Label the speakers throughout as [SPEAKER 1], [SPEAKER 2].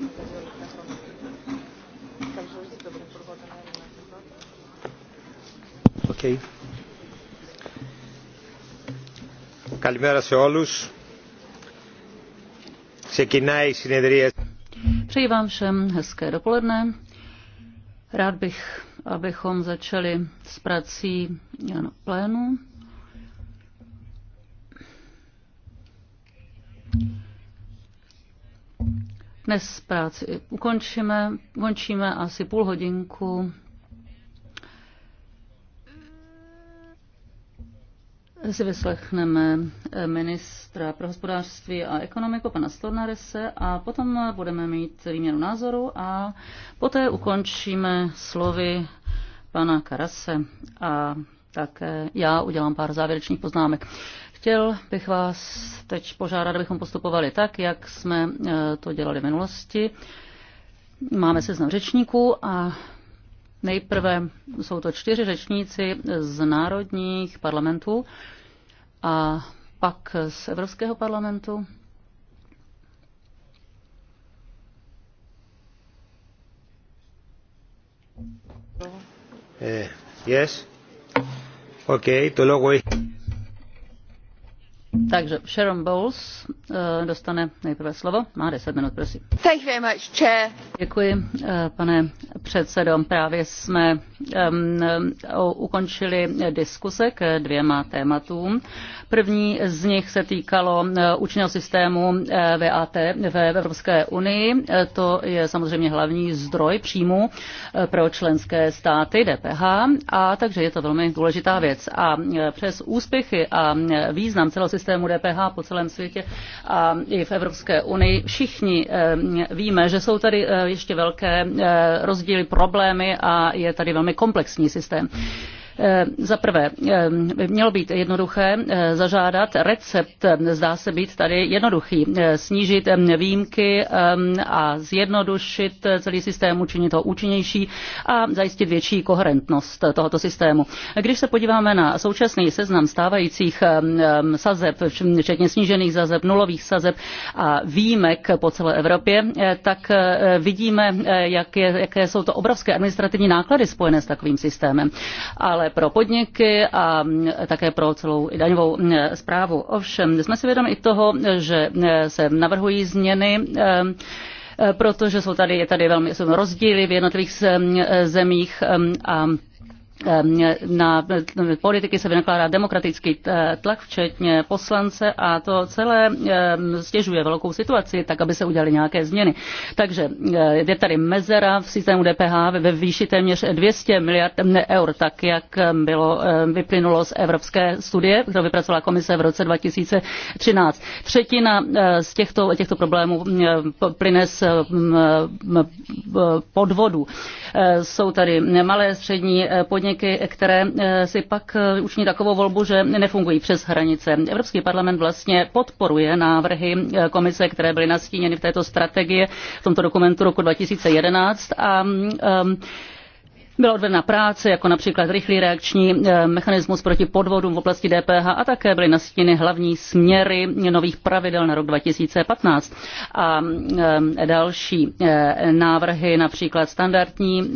[SPEAKER 1] Okay. Καλημέρα σε όλους. Ξεκινάει η συνεδρία.
[SPEAKER 2] Přeji vám všem hezké dopoledne. Rád bych, abychom začali s prací Plénu. Dnes práci ukončíme, ukončíme asi půl hodinku. Si vyslechneme eh, ministra pro hospodářství a ekonomiku, pana Stornarese, a potom budeme mít výměnu názoru a poté ukončíme slovy pana Karase a také já udělám pár závěrečných poznámek. Chtěl bych vás teď požádat, abychom postupovali tak, jak jsme e, to dělali v minulosti. Máme seznam řečníků a nejprve jsou to čtyři řečníci z národních parlamentů a pak z Evropského parlamentu.
[SPEAKER 1] Eh, yes. Okay, to logo je...
[SPEAKER 2] Takže Sharon Bowles eh, dostane nejprve slovo. Má 10 minut, prosím.
[SPEAKER 3] Thank you very much, chair.
[SPEAKER 2] Děkuji, eh, pane předsedo. Právě jsme um, ukončili diskuse k dvěma tématům. První z nich se týkalo e, účinného systému e, VAT v Evropské unii. E, to je samozřejmě hlavní zdroj příjmu pro členské státy DPH a takže je to velmi důležitá věc. A přes úspěchy a význam celého systému DPH po celém světě a i v Evropské unii všichni víme, že jsou tady ještě velké rozdíly, problémy a je tady velmi komplexní systém. Eh, za prvé, eh, by mělo být jednoduché eh, zažádat recept, zdá se být tady jednoduchý, snížit výjimky a zjednodušit celý systém, učinit ho účinnější a zajistit větší koherentnost tohoto systému. Když se podíváme na současný seznam stávajících sazeb, včetně snížených sazeb, nulových sazeb a výjimek po celé Evropě, tak vidíme, jak je, jaké jsou to obrovské administrativní náklady spojené s takovým systémem. Ale ale pro podniky a mm, také pro celou daňovou zprávu. Mm, Ovšem, jsme si vědomi i toho, že mm, se navrhují změny protože jsou tady, je tady velmi jsou rozdíly v jednotlivých zemích a Ehm, na politiky se vynakládá demokratický eh, tlak, včetně poslance a to celé ehm, stěžuje velkou situaci, tak aby se udělaly nějaké změny. Takže eh, je tady mezera v systému DPH ve výši téměř 200 miliard ehm, eur, tak jak bylo, vyplynulo z evropské studie, kterou vypracovala komise v roce 2013. Třetina eh, z těchto, těchto problémů plyne z podvodu. Jsou tady malé střední podniky, podniky, které eh, si pak eh, učiní takovou volbu, že nefungují přes hranice. Evropský parlament vlastně podporuje návrhy eh, komise, které byly nastíněny v této strategii, v tomto dokumentu roku 2011 a um, byla odvedena práce, jako například rychlý reakční eh, mechanismus proti podvodům v oblasti DPH a také byly nastíněny hlavní směry nových pravidel na rok 2015 a eh, další eh, návrhy, například standardní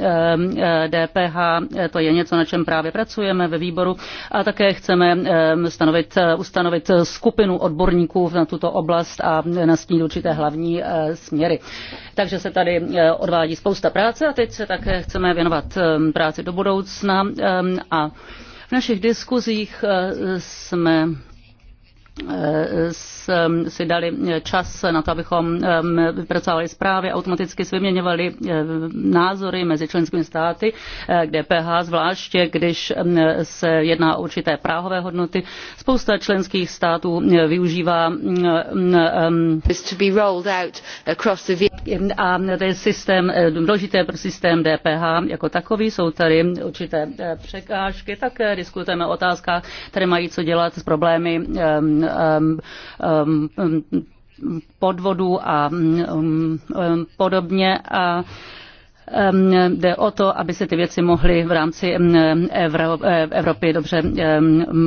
[SPEAKER 2] DPH, to je něco, na čem právě pracujeme ve výboru a také chceme stanovit, ustanovit skupinu odborníků na tuto oblast a nastínit určité hlavní směry. Takže se tady odvádí spousta práce a teď se také chceme věnovat Um, práci do budoucna um, a v našich diskuzích uh, jsme Um, si dali eh, čas na to, abychom um, vypracovali zprávy, automaticky si vyměňovali eh, názory mezi členskými státy eh, kde PH zvláště když se jedná o určité práhové hodnoty. Spousta členských států využívá mm, mm, mm, a je systém, důležité pro systém DPH jako takový, jsou tady určité překážky, Tak diskutujeme o otázkách, které mají co dělat s problémy Um, um, um, podvodů a podobně. A jde o to, aby se ty věci mohly v rámci uh, Evropy dobře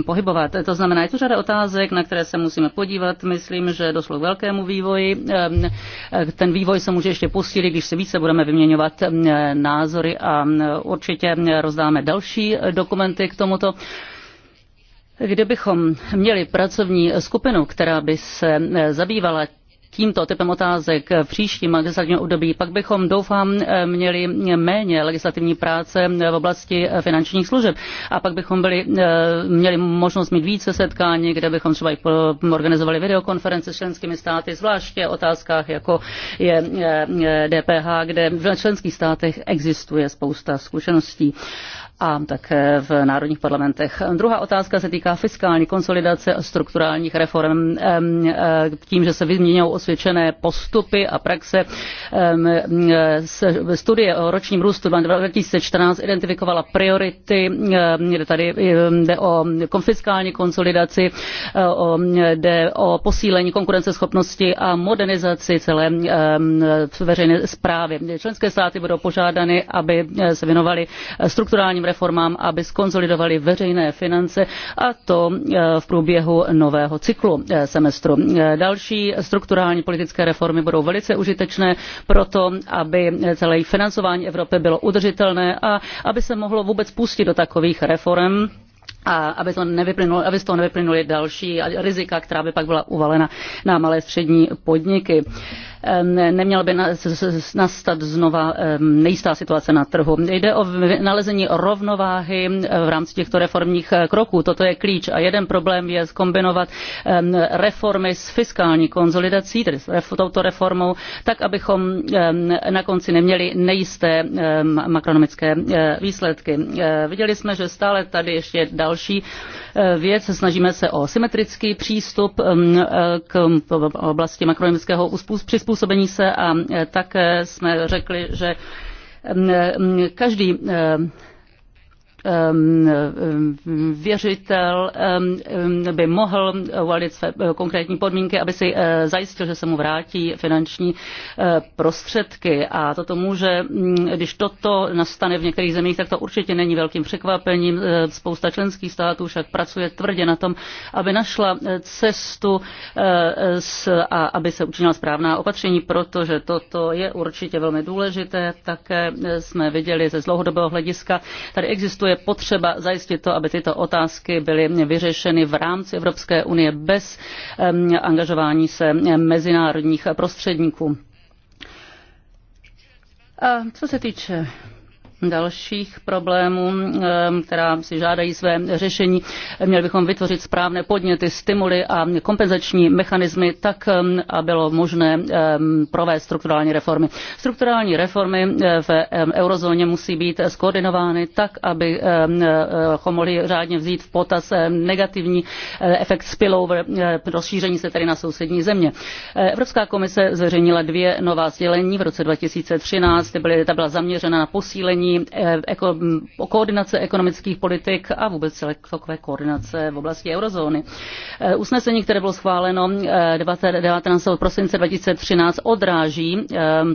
[SPEAKER 2] pohybovat. To znamená, je tu řada otázek, na které se musíme podívat. Myslím, že došlo k velkému vývoji. Ten vývoj se může ještě posílit, když se více budeme vyměňovat názory a určitě rozdáme další dokumenty k tomuto. Kdybychom měli pracovní skupinu, která by se eh, zabývala tímto typem otázek v příštím legislativním období, pak bychom, doufám, eh, měli méně legislativní práce eh, v oblasti finančních služeb. A pak bychom byli, měli možnost mít více setkání, kde bychom třeba i organizovali videokonference s členskými státy, zvláště o otázkách, jako je DPH, kde v členských státech existuje spousta zkušeností a také v národních parlamentech. Druhá otázka se týká fiskální konsolidace a strukturálních reform eh, tím, že se vyměňují osvědčené postupy a praxe. Eh, studie o ročním růstu 2014 identifikovala priority, kde tady jde o konfiskální konsolidaci, eh, jde o posílení konkurenceschopnosti a modernizaci celé veřejné zprávy. Členské státy budou požádány, aby se věnovaly strukturálním reformám, aby skonzolidovali veřejné finance a to eh, v průběhu nového cyklu eh, semestru. Eh, další strukturální politické reformy budou velice užitečné pro to, aby celé financování Evropy bylo udržitelné a aby se mohlo vůbec pustit do takových reform a aby, to aby z toho nevyplynuly další rizika, která by pak byla uvalena na malé střední podniky. Neměla by nastat znova nejistá situace na trhu. Jde o nalezení rovnováhy v rámci těchto reformních eh, kroků. Toto je klíč. A jeden problém je zkombinovat reformy s fiskální konsolidací, tedy s touto reformou, tak, abychom na konci neměli nejisté makronomické eh, výsledky. Eh, viděli jsme, že stále tady ještě další další eh, věc. Snažíme se o symetrický přístup mm, eh, k eh, oblasti makroekonomického přizpůsobení se a také jsme řekli, že mm, mm, každý Um, um, věřitel um, by mohl uvalit své eh, konkrétní podmínky, aby si eh, zajistil, že se mu vrátí finanční eh, prostředky. A toto může, mm, když toto nastane v některých zemích, tak to určitě není velkým překvapením. Spousta členských států však pracuje tvrdě na tom, aby našla cestu a aby se učinila správná opatření, protože toto je určitě velmi důležité. Také jsme viděli ze dlouhodobého hlediska, tady existuje je potřeba zajistit to, aby tyto otázky byly vyřešeny v rámci Evropské unie bez angažování se mezinárodních prostředníků. A co se týče dalších problémů, která si žádají své řešení. Měli bychom vytvořit správné podněty, stimuly a kompenzační mechanismy tak, a bylo možné provést strukturální reformy. Strukturální reformy eh, v eurozóně musí být skoordinovány tak, aby eh, mohli řádně vzít v potaz negativní eh, efekt spillover, rozšíření se tedy na sousední země. Evropská komise zveřejnila dvě nová sdělení v roce 2013, ta byla zaměřena na posílení zlepšení eh, eko, koordinace ekonomických politik a vůbec celkové koordinace v oblasti eurozóny. Eh, usnesení, které bylo schváleno 19. Eh, prosince 2013, odráží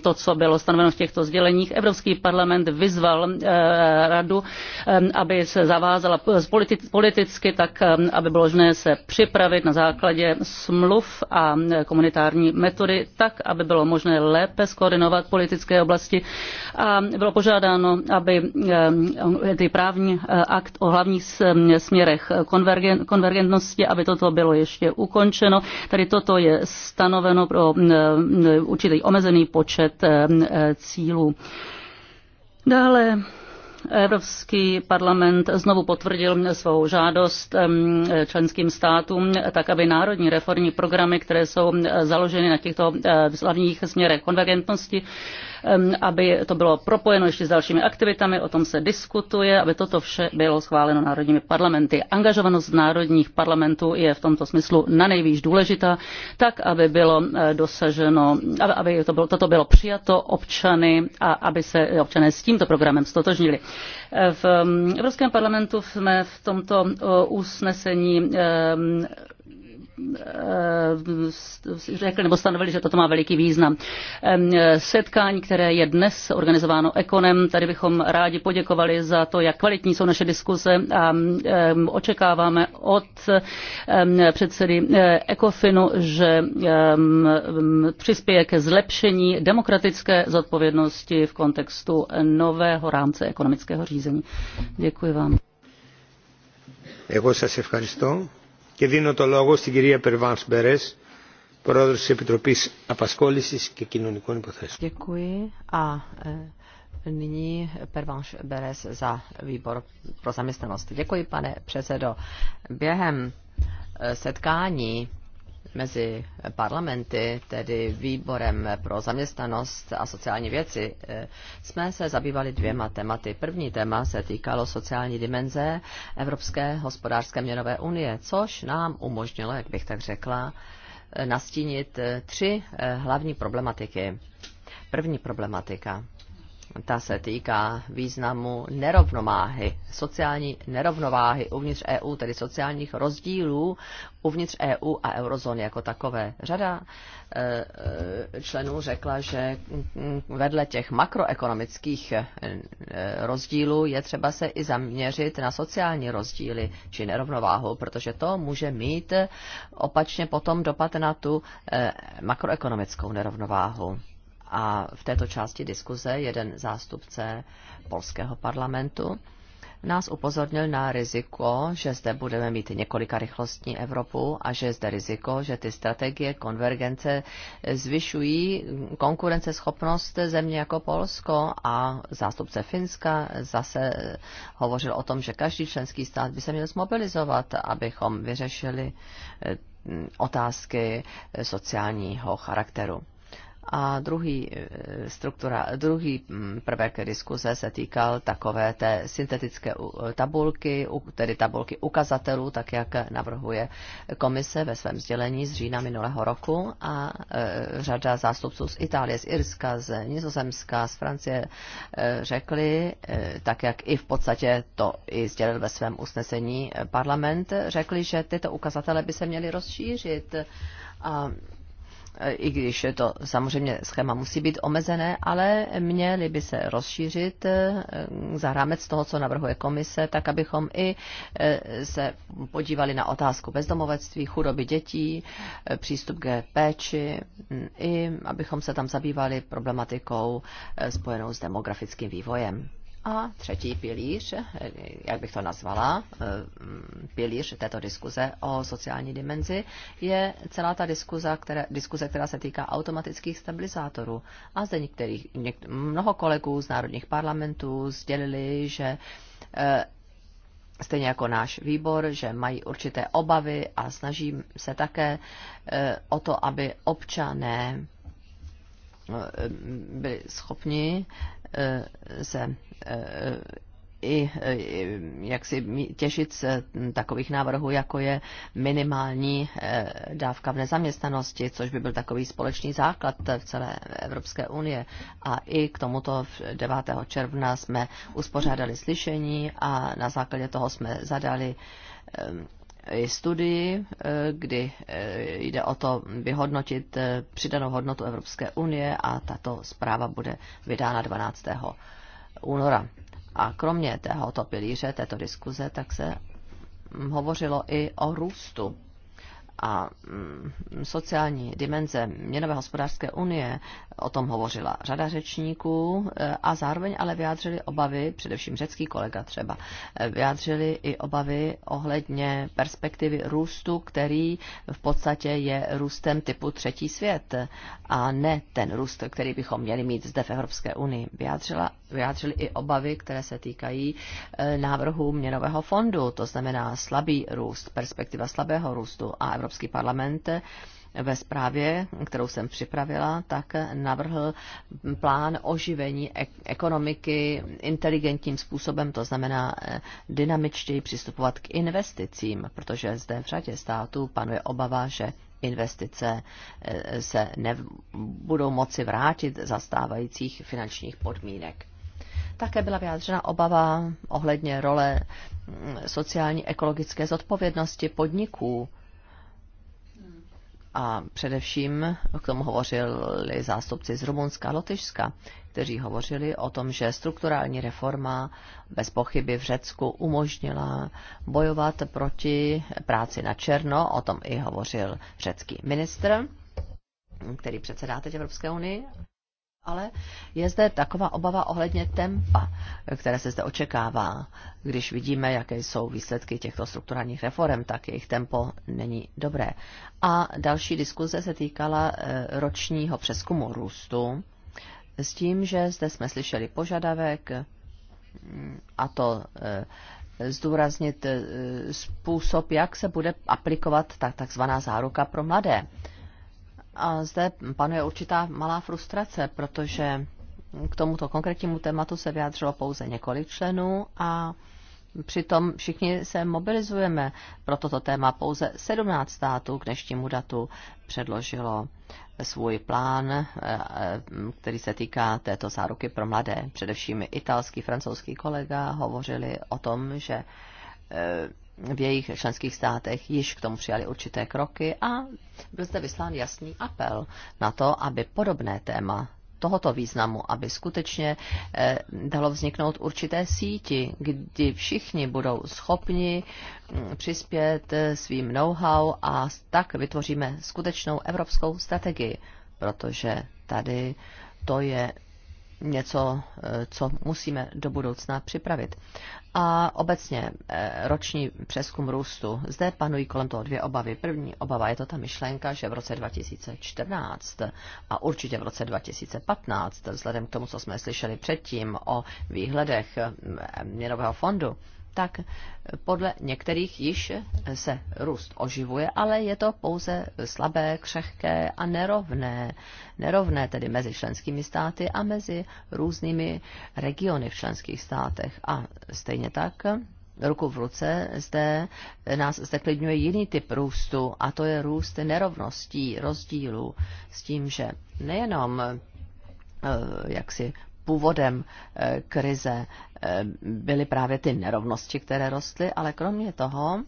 [SPEAKER 2] to, co bylo stanoveno v těchto sděleních. Evropský parlament vyzval radu, aby se zavázala politicky tak, aby bylo možné se připravit na základě smluv a komunitární metody tak, aby bylo možné lépe skoordinovat politické oblasti a bylo požádáno aby eh, ty právní eh, akt o hlavních směrech eh, konvergentnosti, aby toto bylo ještě ukončeno. Tady toto je stanoveno pro určitý omezený počet cílů. Dále Evropský parlament znovu potvrdil svou žádost členským státům, tak aby národní reformní programy, které jsou založeny na těchto hlavních směrech konvergentnosti, aby to bylo propojeno ještě s dalšími aktivitami, o tom se diskutuje, aby toto vše bylo schváleno národními parlamenty. Angažovanost národních parlamentů je v tomto smyslu na nejvíc důležitá, tak aby bylo eh, dosaženo, aby to bylo, toto bylo přijato občany a aby se občané s tímto programem stotožnili. Eh, v Evropském parlamentu jsme v tomto eh, usnesení Eh, řekli nebo stanovili, že toto má veliký význam. Setkání, které je dnes organizováno Ekonem, tady bychom rádi poděkovali za to, jak kvalitní jsou naše diskuze a očekáváme od předsedy Ekofinu, eh, že přispěje ke zlepšení demokratické zodpovědnosti v kontextu nového rámce ekonomického řízení. Děkuji vám.
[SPEAKER 1] Děkuji vám και δίνω το λόγο στην κυρία Περβάνς Μπερές, πρόεδρος της Επιτροπής Απασχόλησης και Κοινωνικών Υποθέσεων.
[SPEAKER 3] Děkuji a nyní Pervanš Beres za výbor pro zaměstnanost. Děkuji, pane předsedo. Během setkání mezi parlamenty, tedy výborem pro zaměstnanost a sociální věci, eh, jsme se zabývali dvěma tématy. První téma se týkalo sociální dimenze Evropské hospodářské měnové unie, což nám umožnilo, jak bych tak řekla, eh, nastínit eh, tři hlavní problematiky. První problematika ta se týká významu nerovnováhy, sociální nerovnováhy uvnitř EU, tedy sociálních rozdílů uvnitř EU a eurozóny jako takové. Řada e, e, členů řekla, že vedle těch makroekonomických e, rozdílů je třeba se i zaměřit na sociální rozdíly či nerovnováhu, protože to může mít opačně potom dopad na tu makroekonomickou nerovnováhu a v této části diskuze jeden zástupce polského parlamentu nás upozornil na riziko, že zde budeme mít několika rychlostní Evropu a že zde riziko, že ty strategie konvergence zvyšují konkurenceschopnost země jako Polsko a zástupce Finska zase hovořil o tom, že každý členský stát by se měl zmobilizovat, abychom vyřešili otázky sociálního charakteru. A druhý, e, struktura, druhý mm, prvek diskuze se týkal takové té syntetické e, tabulky, tedy tabulky ukazatelů, tak jak navrhuje komise ve svém sdělení z října minulého roku a e, řada zástupců z Itálie, z Irska, z Nizozemska, z Francie řekli, tak jak i v podstatě to i sdělil ve svém usnesení parlament, řekli, že tyto ukazatele by se měly rozšířit a i když to samozřejmě schéma musí být omezené, ale měly by se rozšířit eh, za rámec toho, co navrhuje komise, tak abychom i eh, se podívali na otázku bezdomovectví, chudoby dětí, eh, přístup k péči, hm, i abychom se tam zabývali problematikou spojenou s demografickým vývojem. A třetí pilíř, jak bych to nazvala, eh, pilíř této diskuze o sociální dimenzi, je celá ta diskuze, která, diskuze, která se týká automatických stabilizátorů. A zde některých, něk, mnoho kolegů z národních parlamentů sdělili, že eh, stejně jako náš výbor, že mají určité obavy a snaží se také eh, o to, aby občané byli schopni Eh, se eh, i eh, jak si těšit z takových návrhů, jako je minimální dávka v nezaměstnanosti, což by byl takový společný základ v celé Evropské unie. A i k tomuto 9. června jsme uspořádali slyšení a na základě toho jsme zadali studii, eh, kdy eh, jde o to vyhodnotit eh, přidanou hodnotu Evropské unie a tato zpráva bude vydána 12. února. A kromě tohoto pilíře, této diskuze, tak se hm, hovořilo i o růstu a mm, sociální dimenze měnové hospodářské unie, o tom hovořila řada řečníků e, a zároveň ale vyjádřili obavy, především řecký kolega třeba, e, vyjádřili i obavy ohledně perspektivy růstu, který v podstatě je růstem typu třetí svět a ne ten růst, který bychom měli mít zde v Evropské unii. Vyjádřila, vyjádřili i obavy, které se týkají e, návrhu měnového fondu, to znamená slabý růst, perspektiva slabého růstu a Evropské Evropský parlament ve zprávě, kterou jsem připravila, tak navrhl plán oživení ekonomiky inteligentním způsobem, to znamená eh, dynamičtěji přistupovat k investicím, protože zde v řadě států panuje obava, že investice eh, se nebudou moci vrátit za stávajících finančních podmínek. Také byla vyjádřena obava ohledně role mm, sociální ekologické zodpovědnosti podniků a především k tomu hovořili zástupci z Rumunska a Lotyšska, kteří hovořili o tom, že strukturální reforma bez pochyby v Řecku umožnila bojovat proti práci na černo, o tom i hovořil řecký ministr, který předsedá teď Evropské unii. Ale je zde taková obava ohledně tempa, které se zde očekává. Když vidíme, jaké jsou výsledky těchto strukturálních reform, tak jejich tempo není dobré. A další diskuze se týkala e, ročního přeskumu růstu s tím, že zde jsme slyšeli požadavek a to e, zdůraznit e, způsob, jak se bude aplikovat takzvaná záruka pro mladé. A zde panuje určitá malá frustrace, protože k tomuto konkrétnímu tématu se vyjádřilo pouze několik členů a přitom všichni se mobilizujeme pro toto téma. Pouze 17 států k dnešnímu datu předložilo svůj plán, eh, eh, který se týká této záruky pro mladé. Především italský, francouzský kolega hovořili o tom, že eh, v jejich členských státech již k tomu přijali určité kroky a byl zde vyslán jasný apel na to, aby podobné téma tohoto významu, aby skutečně eh, dalo vzniknout určité síti, kdy všichni budou schopni mm, přispět eh, svým know-how a tak vytvoříme skutečnou evropskou strategii, protože tady to je něco, eh, co musíme do budoucna připravit a obecně eh, roční přeskum růstu. Zde panují kolem toho dvě obavy. První obava je to ta myšlenka, že v roce 2014 a určitě v roce 2015, vzhledem k tomu, co jsme slyšeli předtím o výhledech mm, měnového fondu, tak podle některých již se růst oživuje, ale je to pouze slabé, křehké a nerovné. Nerovné tedy mezi členskými státy a mezi různými regiony v členských státech. A stejně tak ruku v ruce zde nás zdeklidňuje jiný typ růstu a to je růst nerovností, rozdílů s tím, že nejenom eh, jak si původem eh, krize eh, byly právě ty nerovnosti, které rostly, ale kromě toho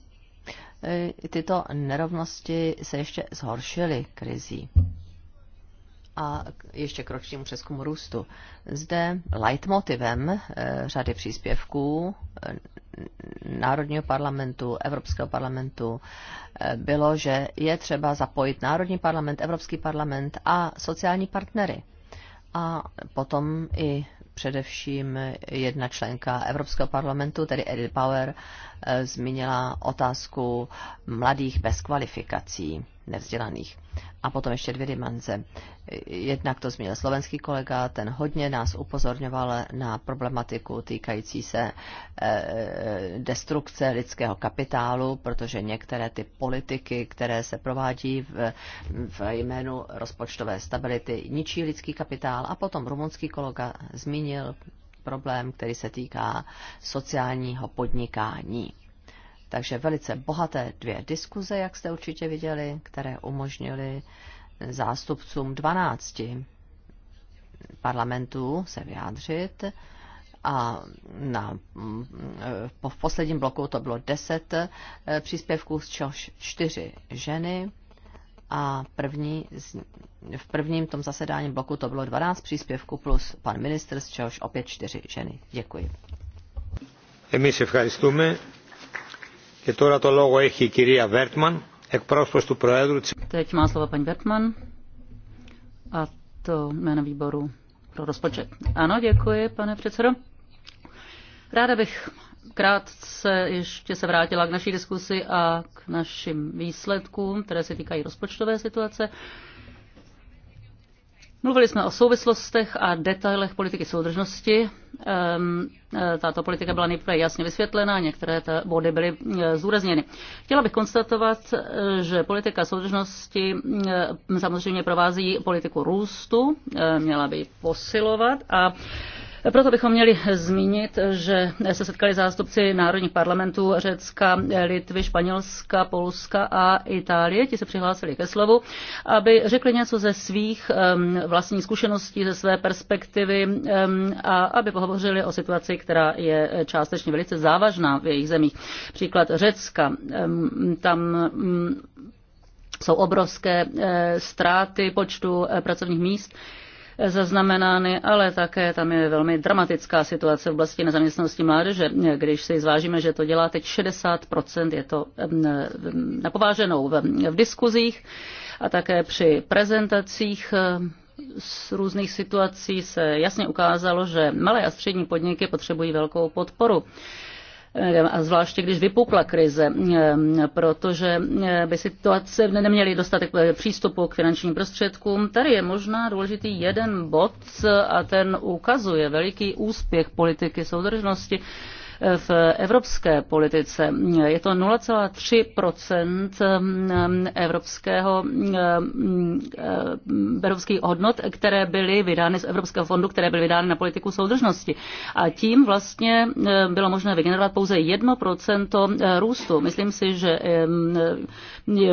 [SPEAKER 3] eh, tyto nerovnosti se ještě zhoršily krizí a ještě k ročnímu přeskumu růstu. Zde leitmotivem řady příspěvků Národního parlamentu, Evropského parlamentu bylo, že je třeba zapojit Národní parlament, Evropský parlament a sociální partnery a potom i především jedna členka Evropského parlamentu, tedy Edith Power, eh, zmínila otázku mladých bez kvalifikací nevzdělaných. A potom ještě dvě dimenze. Jednak to zmínil slovenský kolega, ten hodně nás upozorňoval na problematiku týkající se eh, destrukce lidského kapitálu, protože některé ty politiky, které se provádí v, v jménu rozpočtové stability, ničí lidský kapitál. A potom rumunský kolega zmínil problém, který se týká sociálního podnikání takže velice bohaté dvě diskuze, jak jste určitě viděli, které umožnily zástupcům 12 parlamentů se vyjádřit. A na, po, v posledním bloku to bylo 10 eh, příspěvků, z čehož 4 ženy. A první, v prvním tom zasedání bloku to bylo 12 příspěvků plus pan ministr, z čehož opět 4 ženy.
[SPEAKER 1] Děkuji. My se Teď
[SPEAKER 2] má slovo paní Bertman a to jméno výboru pro rozpočet. Ano, děkuji, pane předsedo. Ráda bych krátce ještě se vrátila k naší diskusi a k našim výsledkům, které se týkají rozpočtové situace. Mluvili jsme o souvislostech a detailech politiky soudržnosti. Ehm, e, tato politika byla nejprve jasně vysvětlena, některé ty body byly e, zúrazněny. Chtěla bych konstatovat, e, že politika soudržnosti samozřejmě provází politiku růstu, měla by posilovat a proto bychom měli zmínit, že se setkali zástupci národních parlamentů Řecka, Litvy, Španělska, Polska a Itálie. Ti se přihlásili ke slovu, aby řekli něco ze svých vlastních zkušeností, ze své perspektivy a aby pohovořili o situaci, která je částečně velice závažná v jejich zemích. Příklad Řecka. Tam mm, jsou obrovské eh, ztráty počtu eh, pracovních míst zaznamenány, ale také tam je velmi dramatická situace v oblasti nezaměstnanosti mládeže. Když si zvážíme, že to dělá teď 60%, je to napováženou v, v diskuzích a také při prezentacích eh, z různých situací se jasně ukázalo, že malé a střední podniky potřebují velkou podporu a zvláště když vypukla krize, protože by situace neměly dostatek eh, přístupu k finančním prostředkům. Tady je možná důležitý jeden bod a ten ukazuje veliký úspěch politiky soudržnosti v evropské politice. Je to 0,3 eh, evropského, eh, eh, evropských hodnot, které byly vydány z Evropského fondu, které byly vydány na politiku soudržnosti. A tím vlastně bylo možné vygenerovat pouze 1 růstu. Myslím si, že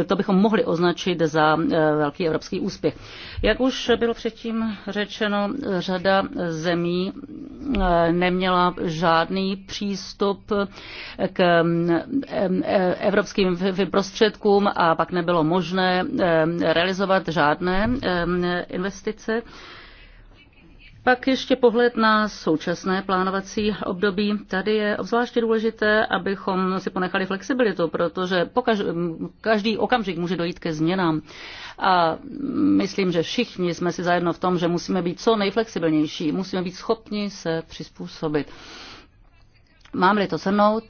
[SPEAKER 2] to bychom mohli označit za velký evropský úspěch. Jak už bylo předtím řečeno, řada zemí neměla žádný přístup přístup k mm, e, evropským prostředkům a pak nebylo možné realizovat žádné investice. Pak ještě pohled na současné plánovací období. Tady je obzvláště důležité, abychom si ponechali flexibilitu, protože pokaž, každý okamžik může dojít ke změnám. A myslím, že všichni jsme si zajedno v tom, že musíme být co nejflexibilnější, musíme být schopni se přizpůsobit. Mám-li to shrnout,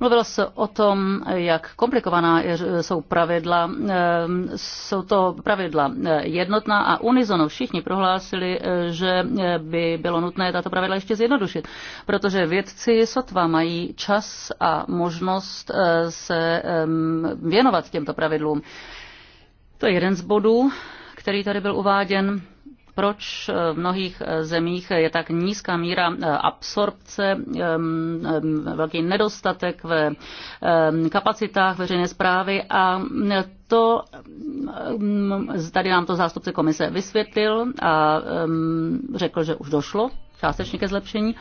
[SPEAKER 2] Mluvilo se o tom, jak komplikovaná jsou pravidla. Eh, jsou to pravidla eh, jednotná a unizono. Všichni prohlásili, eh, že by bylo nutné tato pravidla ještě zjednodušit, protože vědci sotva mají čas a možnost se věnovat těmto pravidlům. To je jeden z bodů, který tady byl uváděn proč v mnohých eh, zemích je tak nízká míra eh, absorpce, velký nedostatek ve kapacitách veřejné zprávy a eh, to, tady nám to zástupce komise vysvětlil a řekl, že už došlo částečně ke zlepšení.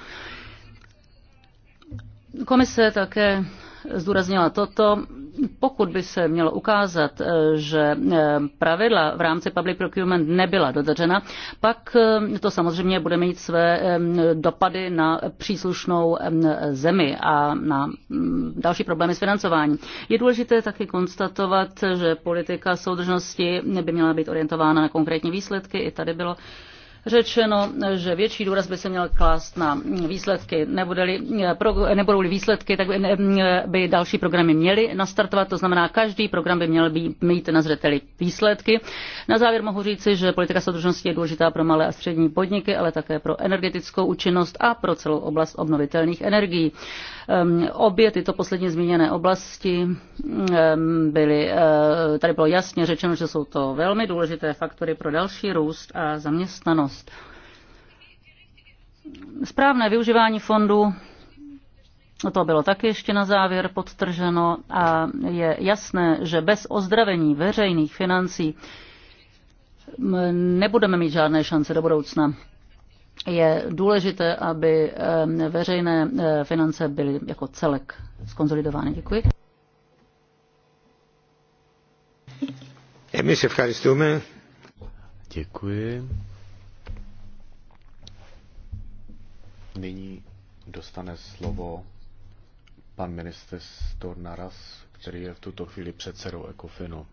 [SPEAKER 2] Komise také zdůraznila toto, pokud by se mělo ukázat, eh, že eh, pravidla v rámci public procurement nebyla dodržena, pak eh, to samozřejmě bude mít své dopady na příslušnou zemi a na mm, další problémy s financováním. Je důležité taky konstatovat, že politika soudržnosti by měla být orientována na konkrétní výsledky. I tady bylo řečeno, že větší důraz by se měl klást na výsledky. Nebudou-li, nebudou-li výsledky, tak by další programy měly nastartovat, to znamená, každý program by měl být, mít na zřeteli výsledky. Na závěr mohu říci, že politika soudržnosti je důležitá pro malé a střední podniky, ale také pro energetickou účinnost a pro celou oblast obnovitelných energií. Ehm, obě tyto posledně zmíněné oblasti ehm, byly, eh, tady bylo jasně řečeno, že jsou to velmi důležité faktory pro další růst a zaměstnanost odpovědnost. Správné využívání fondů, to bylo také ještě na závěr podtrženo a je jasné, že bez ozdravení veřejných financí nebudeme mít žádné šance do budoucna je důležité, aby eh, veřejné eh, finance byly jako celek skonzolidovány. Děkuji.
[SPEAKER 4] E se Děkuji. Nyní dostane slovo pan minister Stornaras, který je v tuto chvíli předsedou Ekofinu.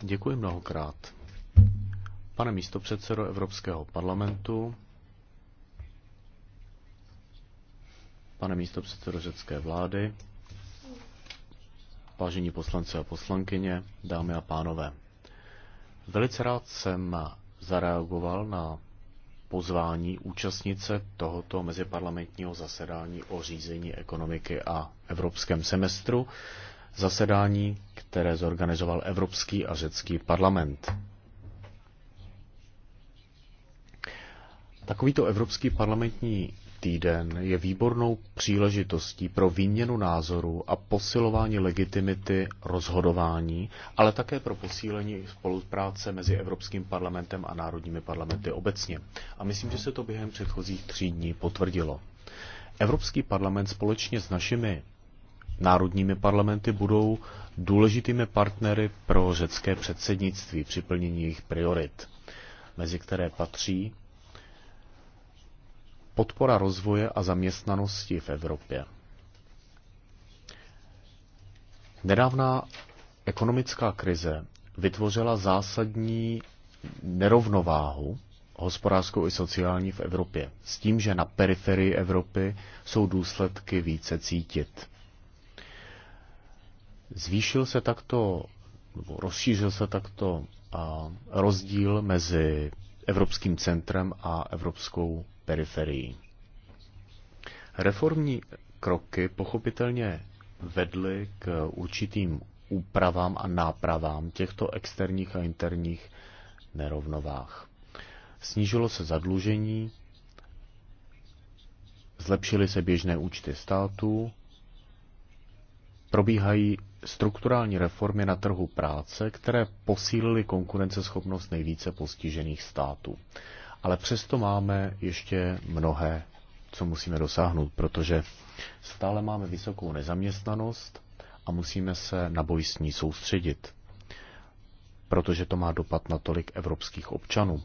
[SPEAKER 4] Děkuji mnohokrát. Pane místopředsedo Evropského parlamentu, pane místopředsedo řecké vlády, vážení poslanci a poslankyně, dámy a pánové. Velice rád jsem zareagoval na pozvání účastnice tohoto meziparlamentního zasedání o řízení ekonomiky a evropském semestru, zasedání, které zorganizoval Evropský a řecký parlament. Takovýto Evropský parlamentní týden je výbornou příležitostí pro výměnu názoru a posilování legitimity rozhodování, ale také pro posílení spolupráce mezi Evropským parlamentem a národními parlamenty obecně. A myslím, že se to během předchozích tří dní potvrdilo. Evropský parlament společně s našimi národními parlamenty budou důležitými partnery pro řecké předsednictví při plnění jejich priorit, mezi které patří podpora rozvoje a zaměstnanosti v Evropě. Nedávná ekonomická krize vytvořila zásadní nerovnováhu hospodářskou i sociální v Evropě, s tím, že na periferii Evropy jsou důsledky více cítit. Zvýšil se takto, nebo rozšířil se takto a rozdíl mezi Evropským centrem a Evropskou periferií. Reformní kroky pochopitelně vedly k určitým úpravám a nápravám těchto externích a interních nerovnovách. Snížilo se zadlužení, zlepšily se běžné účty států, probíhají strukturální reformy na trhu práce, které posílily konkurenceschopnost nejvíce postižených států ale přesto máme ještě mnohé, co musíme dosáhnout, protože stále máme vysokou nezaměstnanost a musíme se na boj s ní soustředit, protože to má dopad na tolik evropských občanů.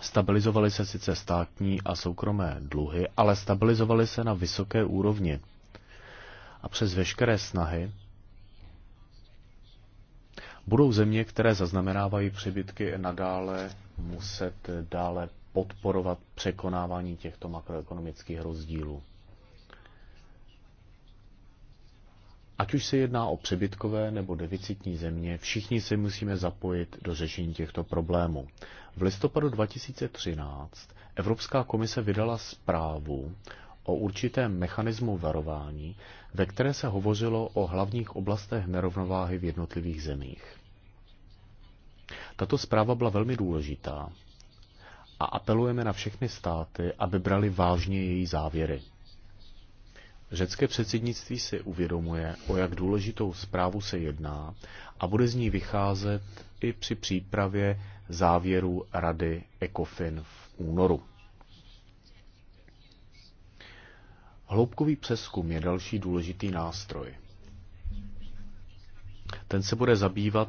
[SPEAKER 4] Stabilizovaly se sice státní a soukromé dluhy, ale stabilizovaly se na vysoké úrovni. A přes veškeré snahy budou země, které zaznamenávají přebytky nadále muset dále podporovat překonávání těchto makroekonomických rozdílů. Ať už se jedná o přebytkové nebo deficitní země, všichni se musíme zapojit do řešení těchto problémů. V listopadu 2013 Evropská komise vydala zprávu o určitém mechanismu varování, ve které se hovořilo o hlavních oblastech nerovnováhy v jednotlivých zemích. Tato zpráva byla velmi důležitá a apelujeme na všechny státy, aby brali vážně její závěry. Řecké předsednictví si uvědomuje, o jak důležitou zprávu se jedná a bude z ní vycházet i při přípravě závěru Rady ECOFIN v únoru. Hloubkový přeskum je další důležitý nástroj. Ten se bude zabývat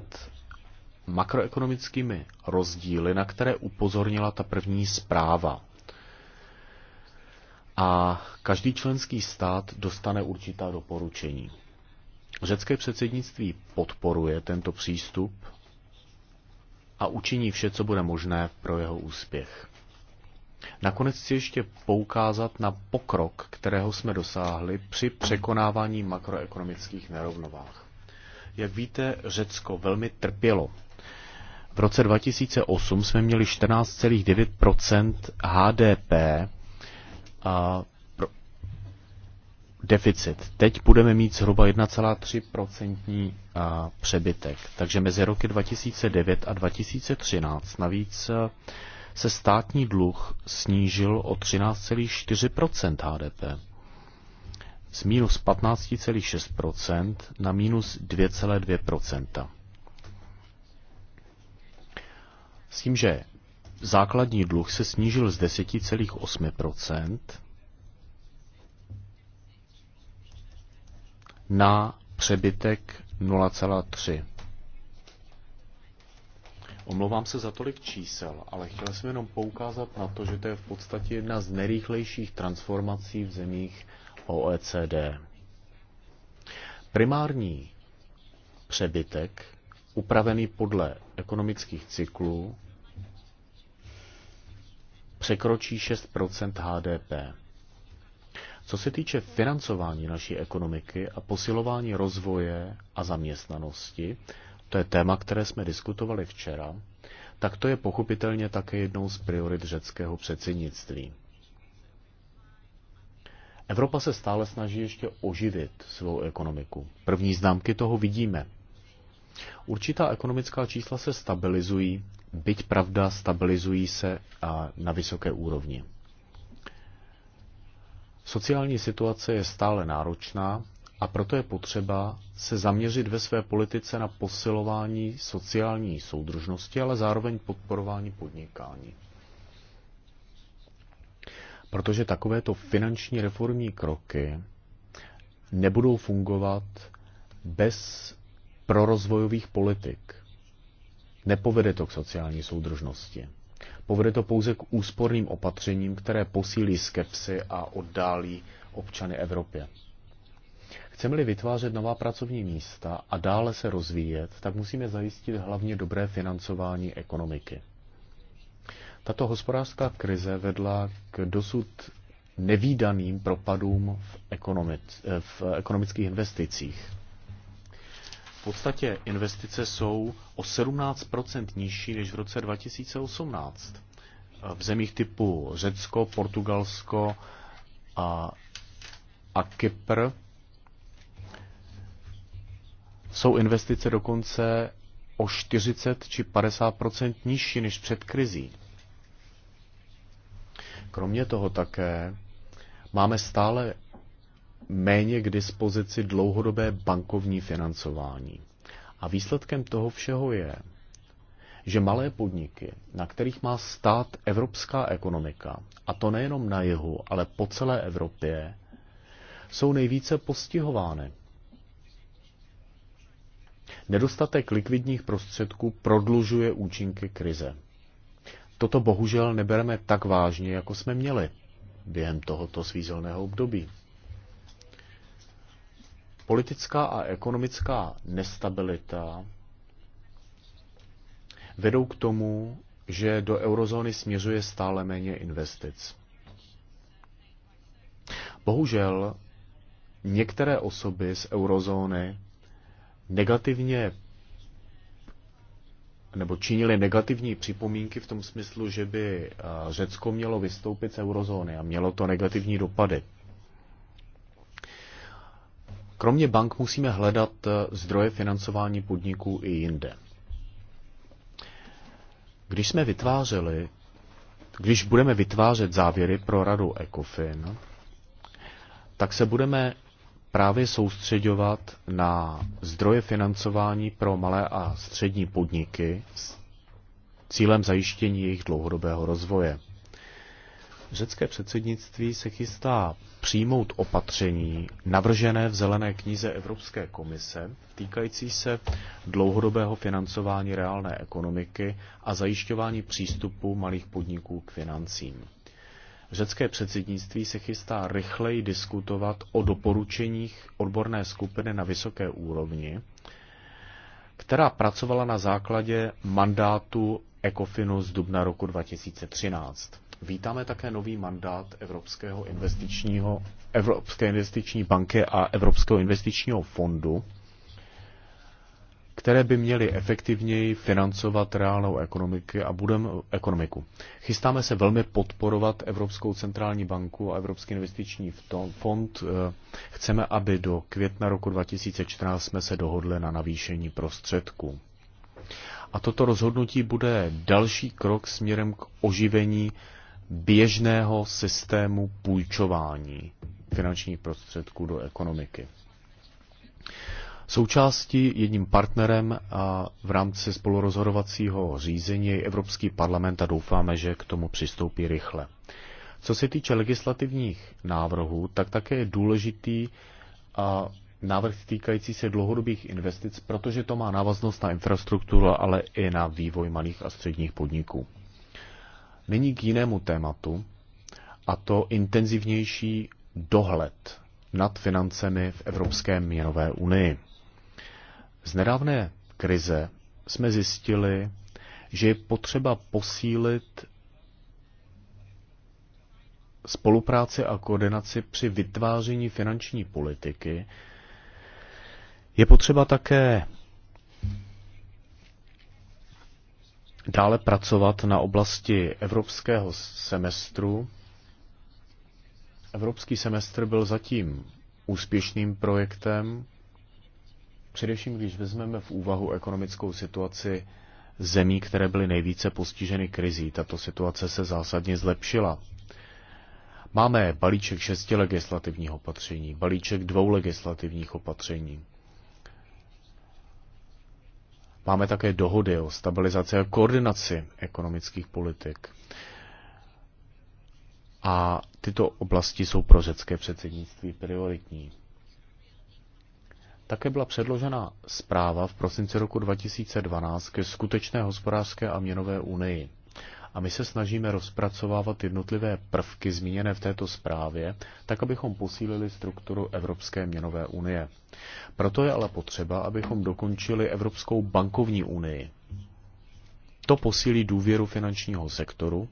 [SPEAKER 4] makroekonomickými rozdíly, na které upozornila ta první zpráva. A každý členský stát dostane určitá doporučení. Řecké předsednictví podporuje tento přístup a učiní vše, co bude možné pro jeho úspěch. Nakonec chci ještě poukázat na pokrok, kterého jsme dosáhli při překonávání makroekonomických nerovnovách. Jak víte, Řecko velmi trpělo v roce 2008 jsme měli 14,9 HDP a deficit. Teď budeme mít zhruba 1,3% přebytek. Takže mezi roky 2009 a 2013 navíc se státní dluh snížil o 13,4% HDP. Z minus 15,6% na minus 2,2%. s tím, že základní dluh se snížil z 10,8% na přebytek 0,3. Omlouvám se za tolik čísel, ale chtěl jsem jenom poukázat na to, že to je v podstatě jedna z nejrychlejších transformací v zemích OECD. Primární přebytek, upravený podle ekonomických cyklů, překročí 6 HDP. Co se týče financování naší ekonomiky a posilování rozvoje a zaměstnanosti, to je téma, které jsme diskutovali včera, tak to je pochopitelně také jednou z priorit řeckého předsednictví. Evropa se stále snaží ještě oživit svou ekonomiku. První známky toho vidíme. Určitá ekonomická čísla se stabilizují, byť pravda, stabilizují se a na vysoké úrovni. Sociální situace je stále náročná a proto je potřeba se zaměřit ve své politice na posilování sociální soudržnosti, ale zároveň podporování podnikání. Protože takovéto finanční reformní kroky nebudou fungovat bez prorozvojových politik. Nepovede to k sociální soudržnosti. Povede to pouze k úsporným opatřením, které posílí skepsy a oddálí občany Evropě. Chceme-li vytvářet nová pracovní místa a dále se rozvíjet, tak musíme zajistit hlavně dobré financování ekonomiky. Tato hospodářská krize vedla k dosud nevýdaným propadům v, ekonomic, v ekonomických investicích podstatě investice jsou o 17 nižší než v roce 2018. V zemích typu Řecko, Portugalsko a, a Kypr jsou investice dokonce o 40 či 50 nižší než před krizí. Kromě toho také máme stále méně k dispozici dlouhodobé bankovní financování. A výsledkem toho všeho je, že malé podniky, na kterých má stát evropská ekonomika, a to nejenom na jihu, ale po celé Evropě, jsou nejvíce postihovány. Nedostatek likvidních prostředků prodlužuje účinky krize. Toto bohužel nebereme tak vážně, jako jsme měli během tohoto svízelného období. Politická a ekonomická nestabilita vedou k tomu, že do eurozóny směřuje stále méně investic. Bohužel některé osoby z eurozóny negativně nebo činili negativní připomínky v tom smyslu, že by eh, Řecko mělo vystoupit z eurozóny a mělo to negativní dopady. Kromě bank musíme hledat eh, zdroje financování podniků i jinde. Když jsme vytvářeli, když budeme vytvářet závěry pro radu ECOFIN, tak se budeme právě soustředovat na zdroje financování pro malé a střední podniky s cílem zajištění jejich dlouhodobého rozvoje. Řecké předsednictví se chystá přijmout opatření navržené v zelené knize Evropské komise týkající se dlouhodobého financování reálné ekonomiky a zajišťování přístupu malých podniků k financím. Řecké předsednictví se chystá rychleji diskutovat o doporučeních odborné skupiny na vysoké úrovni, která pracovala na základě mandátu ECOFINu z dubna roku 2013. Vítáme také nový mandát Evropského investičního, Evropské investiční banky a Evropského investičního fondu, které by měly efektivněji financovat reálnou ekonomiky a budem, ekonomiku. Chystáme se velmi podporovat Evropskou centrální banku a Evropský investiční fond. Eh, chceme, aby do května roku 2014 jsme se dohodli na navýšení prostředků. A toto rozhodnutí bude další krok směrem k oživení běžného systému půjčování finančních prostředků do ekonomiky. Součástí jedním partnerem a v rámci spolurozhodovacího řízení je Evropský parlament a doufáme, že k tomu přistoupí rychle. Co se týče legislativních návrhů, tak také je důležitý a návrh týkající se dlouhodobých investic, protože to má návaznost na infrastrukturu, ale i na vývoj malých a středních podniků. Nyní k jinému tématu, a to intenzivnější dohled nad financemi v Evropské měnové unii. Z nedávné krize jsme zjistili, že je potřeba posílit spolupráci a koordinaci při vytváření finanční politiky. Je potřeba také dále pracovat na oblasti evropského semestru. Evropský semestr byl zatím úspěšným projektem, především když vezmeme v úvahu ekonomickou situaci zemí, které byly nejvíce postiženy krizí. Tato situace se zásadně zlepšila. Máme balíček šesti legislativních opatření, balíček dvou legislativních opatření. Máme také dohody o stabilizaci a koordinaci ekonomických politik. A tyto oblasti jsou pro řecké předsednictví prioritní. Také byla předložena zpráva v prosinci roku 2012 ke skutečné hospodářské a měnové unii. A my se snažíme rozpracovávat jednotlivé prvky zmíněné v této zprávě, tak abychom posílili strukturu Evropské měnové unie. Proto je ale potřeba, abychom dokončili Evropskou bankovní unii. To posílí důvěru finančního sektoru,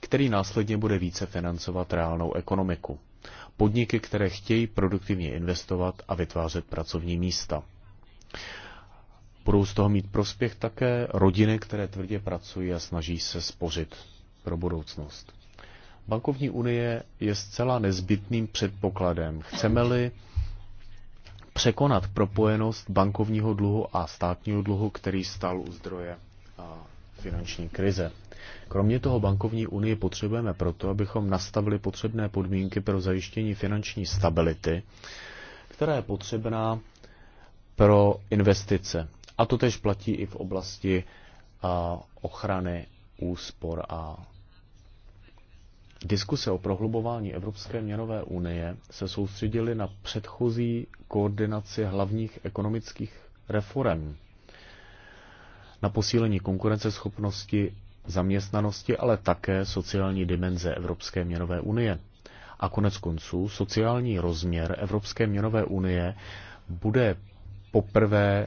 [SPEAKER 4] který následně bude více financovat reálnou ekonomiku. Podniky, které chtějí produktivně investovat a vytvářet pracovní místa. Budou z toho mít prospěch také rodiny, které tvrdě pracují a snaží se spořit pro budoucnost. Bankovní unie je zcela nezbytným předpokladem. Chceme-li překonat propojenost bankovního dluhu a státního dluhu, který stal u zdroje finanční krize. Kromě toho bankovní unii potřebujeme proto, abychom nastavili potřebné podmínky pro zajištění finanční stability, která je potřebná pro investice. A to tež platí i v oblasti ochrany úspor a Diskuse o prohlubování Evropské měnové unie se soustředily na předchozí koordinaci hlavních ekonomických reform, na posílení konkurenceschopnosti, zaměstnanosti, ale také sociální dimenze Evropské měnové unie. A konec konců sociální rozměr Evropské měnové unie bude poprvé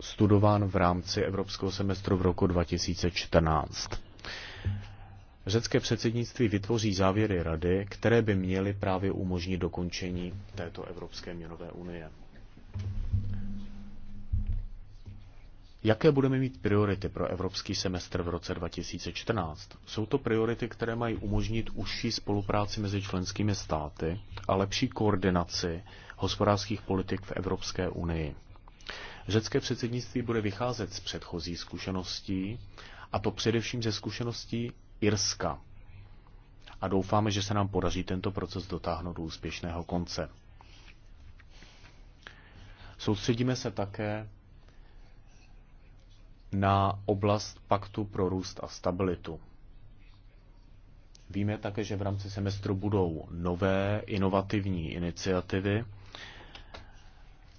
[SPEAKER 4] studován v rámci evropského semestru v roku 2014. Řecké předsednictví vytvoří závěry rady, které by měly právě umožnit dokončení této Evropské měnové unie. Jaké budeme mít priority pro evropský semestr v roce 2014? Jsou to priority, které mají umožnit užší spolupráci mezi členskými státy a lepší koordinaci hospodářských politik v Evropské unii. Řecké předsednictví bude vycházet z předchozí zkušeností, a to především ze zkušeností Irska. A doufáme, že se nám podaří tento proces dotáhnout do úspěšného konce. Soustředíme se také na oblast paktu pro růst a stabilitu. Víme také, že v rámci semestru budou nové inovativní iniciativy,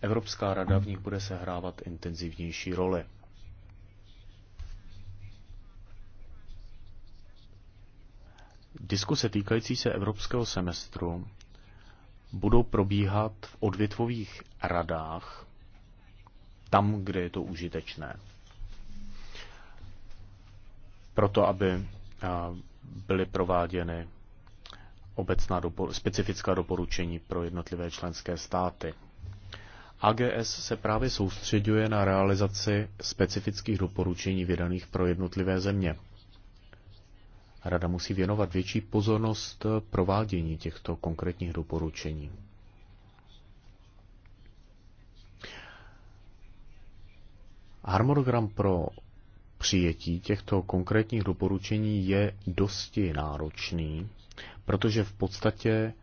[SPEAKER 4] Evropská rada v nich bude sehrávat intenzivnější roli. Diskuse týkající se evropského semestru budou probíhat v odvětvových radách, tam, kde je to užitečné. Proto, aby byly prováděny obecná dopo- specifická doporučení pro jednotlivé členské státy. AGS se právě soustředuje na realizaci specifických doporučení vydaných pro jednotlivé země. Rada musí věnovat větší pozornost provádění těchto konkrétních doporučení. Harmonogram pro přijetí těchto konkrétních doporučení je dosti náročný, protože v podstatě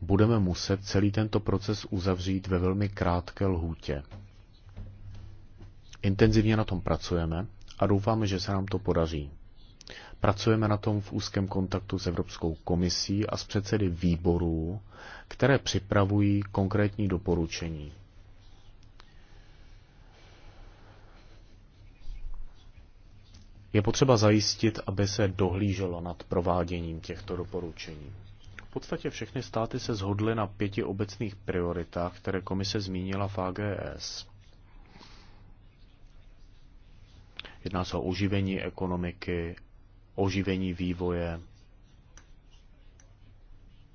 [SPEAKER 4] budeme muset celý tento proces uzavřít ve velmi krátké lhůtě. Intenzivně na tom pracujeme a doufáme, že se nám to podaří. Pracujeme na tom v úzkém kontaktu s Evropskou komisí a s předsedy výborů, které připravují konkrétní doporučení. Je potřeba zajistit, aby se dohlíželo nad prováděním těchto doporučení. V podstatě všechny státy se zhodly na pěti obecných prioritách, které komise zmínila v AGS. Jedná se o oživení ekonomiky, oživení vývoje,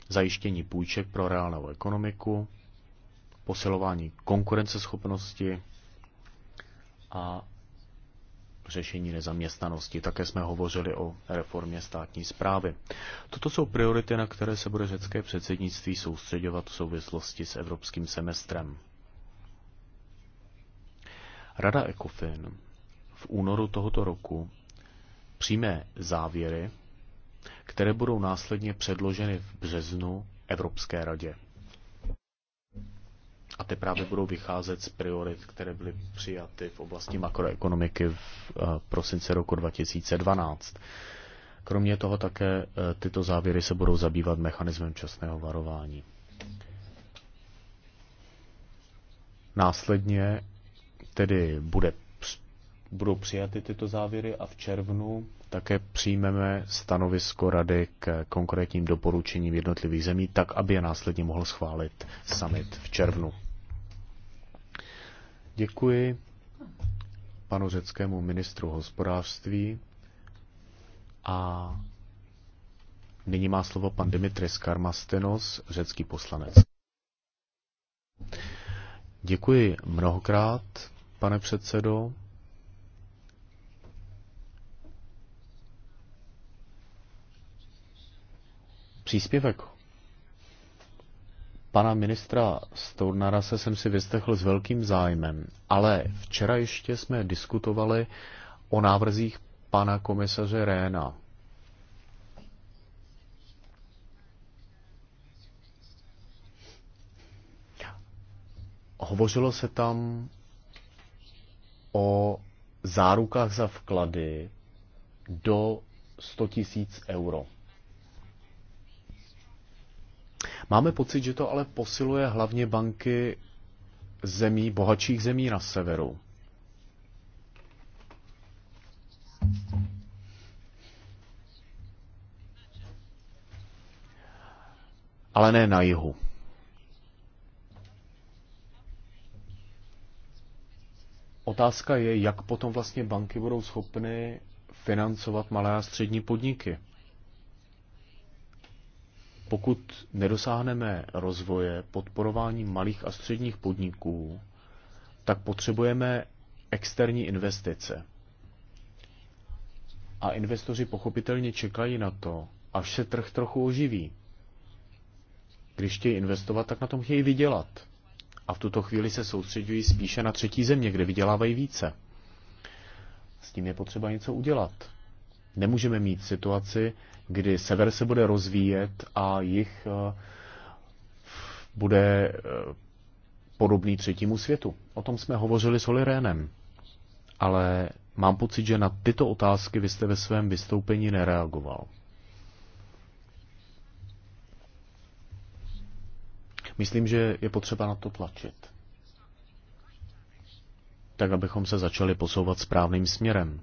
[SPEAKER 4] zajištění půjček pro reálnou ekonomiku, posilování konkurenceschopnosti a řešení nezaměstnanosti. Také jsme hovořili o reformě státní zprávy. Toto jsou priority, na které se bude řecké předsednictví soustředovat v souvislosti s evropským semestrem. Rada ECOFIN v únoru tohoto roku přijme závěry, které budou následně předloženy v březnu Evropské radě. A ty právě budou vycházet z priorit, které byly přijaty v oblasti makroekonomiky v eh, prosince roku 2012. Kromě toho také eh, tyto závěry se budou zabývat mechanismem časného varování. Následně tedy bude, budou přijaty tyto závěry a v červnu také přijmeme stanovisko rady k konkrétním doporučením jednotlivých zemí, tak aby je následně mohl schválit summit v červnu. Děkuji panu řeckému ministru hospodářství a nyní má slovo pan Dimitris Karmastenos, řecký poslanec. Děkuji mnohokrát, pane předsedo. Příspěvek Pana ministra Stournara se jsem si vystechl s velkým zájmem, ale včera ještě jsme diskutovali o návrzích pana komisaře Réna. Hovořilo se tam o zárukách za vklady do 100 000 euro. Máme pocit, že to ale posiluje hlavně banky zemí, bohatších zemí na severu. Ale ne na jihu. Otázka je, jak potom vlastně banky budou schopny financovat malé a střední podniky pokud nedosáhneme rozvoje podporování malých a středních podniků, tak potřebujeme externí investice. A investoři pochopitelně čekají na to, až se trh trochu oživí. Když chtějí investovat, tak na tom chtějí vydělat. A v tuto chvíli se soustředují spíše na třetí země, kde vydělávají více. S tím je potřeba něco udělat. Nemůžeme mít situaci, kdy sever se bude rozvíjet a jich eh, bude eh, podobný třetímu světu. O tom jsme hovořili s Olirénem. Ale mám pocit, že na tyto otázky vy jste ve svém vystoupení nereagoval. Myslím, že je potřeba na to tlačit. Tak, abychom se začali posouvat správným směrem.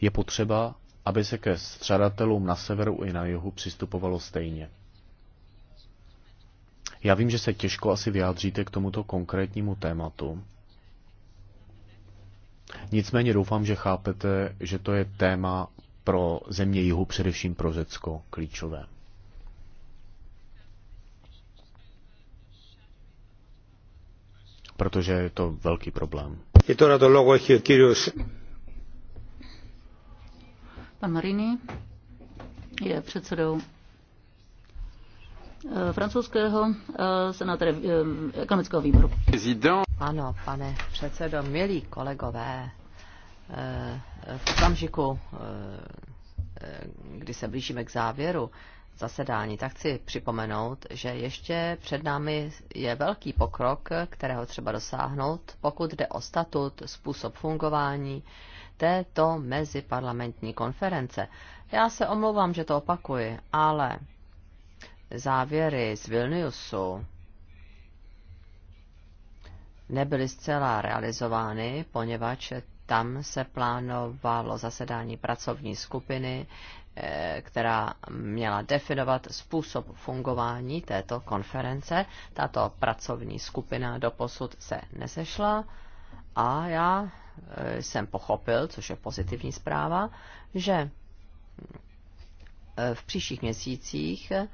[SPEAKER 4] Je potřeba aby se ke střadatelům na severu i na jihu přistupovalo stejně. Já vím, že se těžko asi vyjádříte k tomuto konkrétnímu tématu. Nicméně doufám, že chápete, že to je téma pro země jihu, především pro Řecko, klíčové. Protože je to velký problém.
[SPEAKER 1] Je to logo,
[SPEAKER 2] Pan Marini je předsedou eh, francouzského eh, senátora eh, ekonomického výboru. Ano,
[SPEAKER 3] pane předsedo, milí kolegové, v okamžiku, kdy se blížíme k závěru zasedání, tak chci připomenout, že ještě před námi je velký pokrok, kterého třeba dosáhnout, pokud jde o statut, způsob fungování, této meziparlamentní konference. Já se omlouvám, že to opakuji, ale závěry z Vilniusu nebyly zcela realizovány, poněvadž tam se plánovalo zasedání pracovní skupiny, eh, která měla definovat způsob fungování této konference. Tato pracovní skupina doposud se nesešla a já Eh, jsem pochopil, což je pozitivní zpráva, že eh, v příštích měsících eh,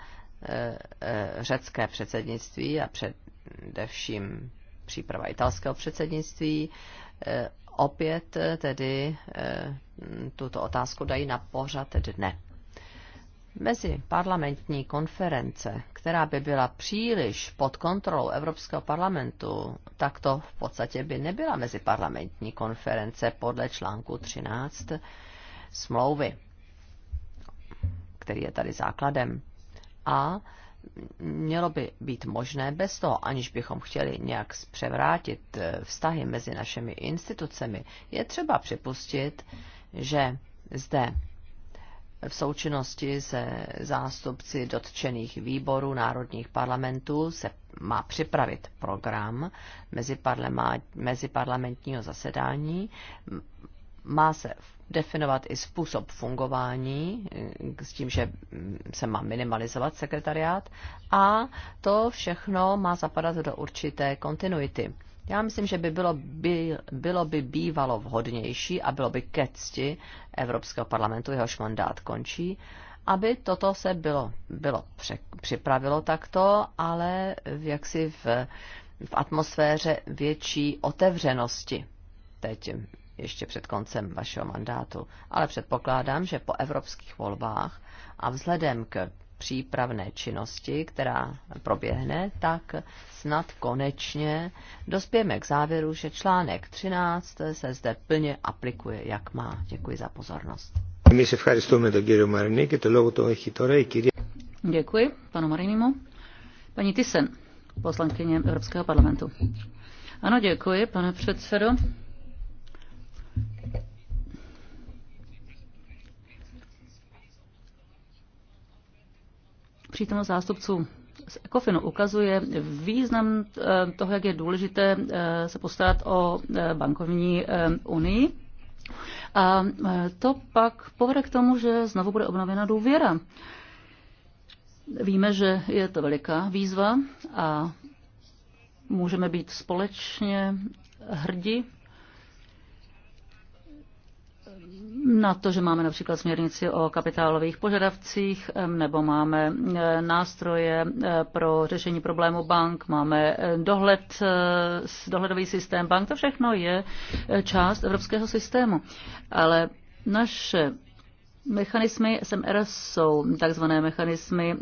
[SPEAKER 3] řecké předsednictví a především příprava italského předsednictví opět tedy tuto otázku dají na pořad dne. Mezi parlamentní konference, která by byla příliš pod kontrolou Evropského parlamentu, tak to v podstatě by nebyla mezi parlamentní konference podle článku 13 smlouvy, který je tady základem. A mělo by být možné bez toho, aniž bychom chtěli nějak převrátit eh, vztahy mezi našimi institucemi, je třeba připustit, že zde v součinnosti se zástupci dotčených výborů národních parlamentů se má připravit program meziparlamentního zasedání. Má se definovat i způsob fungování s tím, že se má minimalizovat sekretariát a to všechno má zapadat do určité kontinuity. Já myslím, že by bylo, by bylo by bývalo vhodnější a bylo by ke cti Evropského parlamentu, jehož mandát končí, aby toto se bylo, bylo pře, připravilo takto, ale v jaksi v, v atmosféře větší otevřenosti. Teď ještě před koncem vašeho mandátu, ale předpokládám, že po evropských volbách a vzhledem k přípravné činnosti, která proběhne, tak snad konečně dospějeme k závěru, že článek 13 se zde plně aplikuje, jak má. Děkuji za pozornost. Děkuji
[SPEAKER 2] panu Marinimu. Paní Tysen, poslankyně Evropského parlamentu. Ano, děkuji, pane předsedo. přítomnost zástupců z Ekofinu ukazuje význam eh, toho, jak je důležité eh, se postarat o eh, bankovní unii. A to pak povede k tomu, že znovu bude obnovena důvěra. Víme, že je to veliká výzva a můžeme být společně hrdi na to, že máme například směrnici o kapitálových požadavcích, nebo máme e, nástroje e, pro řešení problému bank, máme e, dohled, dohledový systém bank, to všechno je část evropského systému. Ale naše Mechanismy SMR jsou takzvané mechanismy,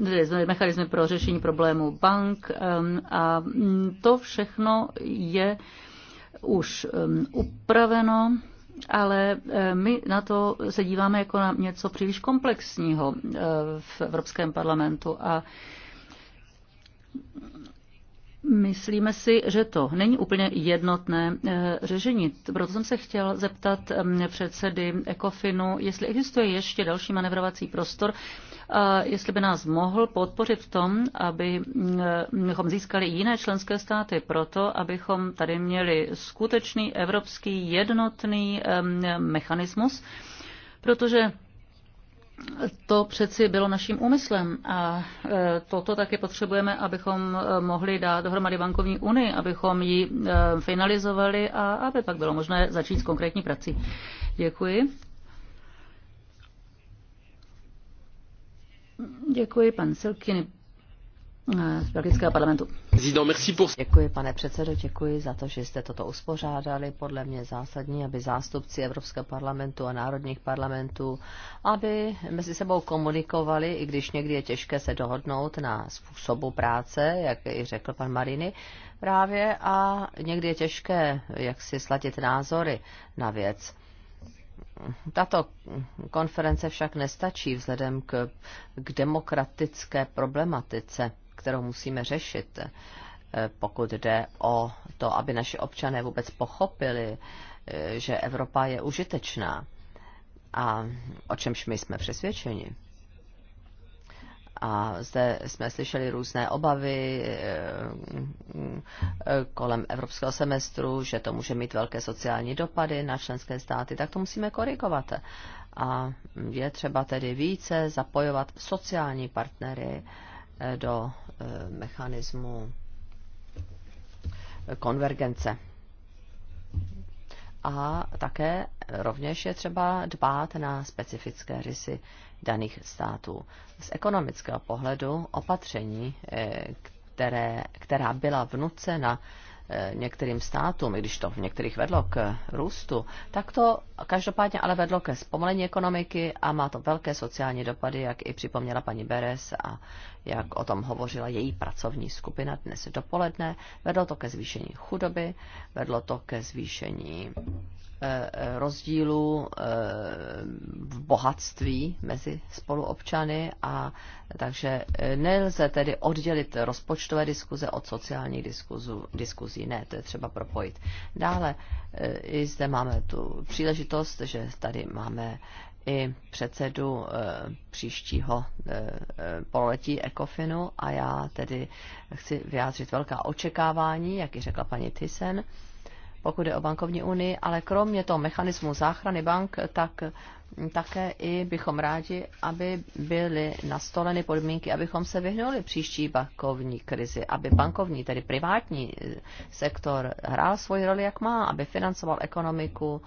[SPEAKER 2] mechanismy pro řešení problémů bank a mm, to všechno je už upraveno ale eh, my na to se díváme jako na něco příliš komplexního eh, v Evropském parlamentu a Myslíme si, že to není úplně jednotné eh, řešení. Proto jsem se chtěl zeptat mm, předsedy Ekofinu, jestli existuje ještě další manevrovací prostor, a jestli by nás mohl podpořit v tom, mm, abychom získali jiné členské státy proto, abychom tady měli skutečný evropský jednotný mm, mechanismus, protože to přeci bylo naším úmyslem a e, toto taky potřebujeme, abychom e, mohli dát dohromady bankovní unii, abychom ji e, finalizovali a aby pak bylo možné začít s konkrétní prací. Děkuji.
[SPEAKER 3] Děkuji, pan Silkiny z belgického parlamentu. Děkuji, pane předsedo, děkuji za to, že jste toto uspořádali. Podle mě zásadní, aby zástupci Evropského parlamentu a národních parlamentů, aby mezi sebou komunikovali, i když někdy je těžké se dohodnout na způsobu práce, jak i řekl pan Mariny, právě a někdy je těžké, jak si sladit názory na věc. Tato konference však nestačí vzhledem k, k demokratické problematice kterou musíme řešit, eh, pokud jde o to, aby naši občané vůbec pochopili, eh, že Evropa je užitečná a o čemž my jsme přesvědčeni. A zde jsme slyšeli různé obavy eh, kolem evropského semestru, že to může mít velké sociální dopady na členské státy, tak to musíme korigovat. A je třeba tedy více zapojovat sociální partnery, do eh, mechanismu konvergence. A také rovněž je třeba dbát na specifické rysy daných států. Z ekonomického pohledu opatření, eh, které, která byla vnucena Eh, některým státům, i když to v některých vedlo k eh, růstu, tak to každopádně ale vedlo ke zpomalení ekonomiky a má to velké sociální dopady, jak i připomněla paní Beres a jak o tom hovořila její pracovní skupina dnes dopoledne. Vedlo to ke zvýšení chudoby, vedlo to ke zvýšení Eh, eh, rozdílu eh, v bohatství mezi spoluobčany a takže nelze tedy oddělit rozpočtové diskuze od sociálních diskuzů, diskuzí. Ne, to je třeba propojit. Dále i zde máme tu příležitost, že tady máme i předsedu příštího pololetí Ekofinu a já tedy chci vyjádřit velká očekávání, jak ji řekla paní Thyssen pokud je o bankovní unii, ale kromě toho mechanismu záchrany bank, tak také i bychom rádi, aby byly nastoleny podmínky, abychom se vyhnuli příští bankovní krizi, aby bankovní, tedy privátní eh, sektor hrál svoji roli, jak má, aby financoval ekonomiku,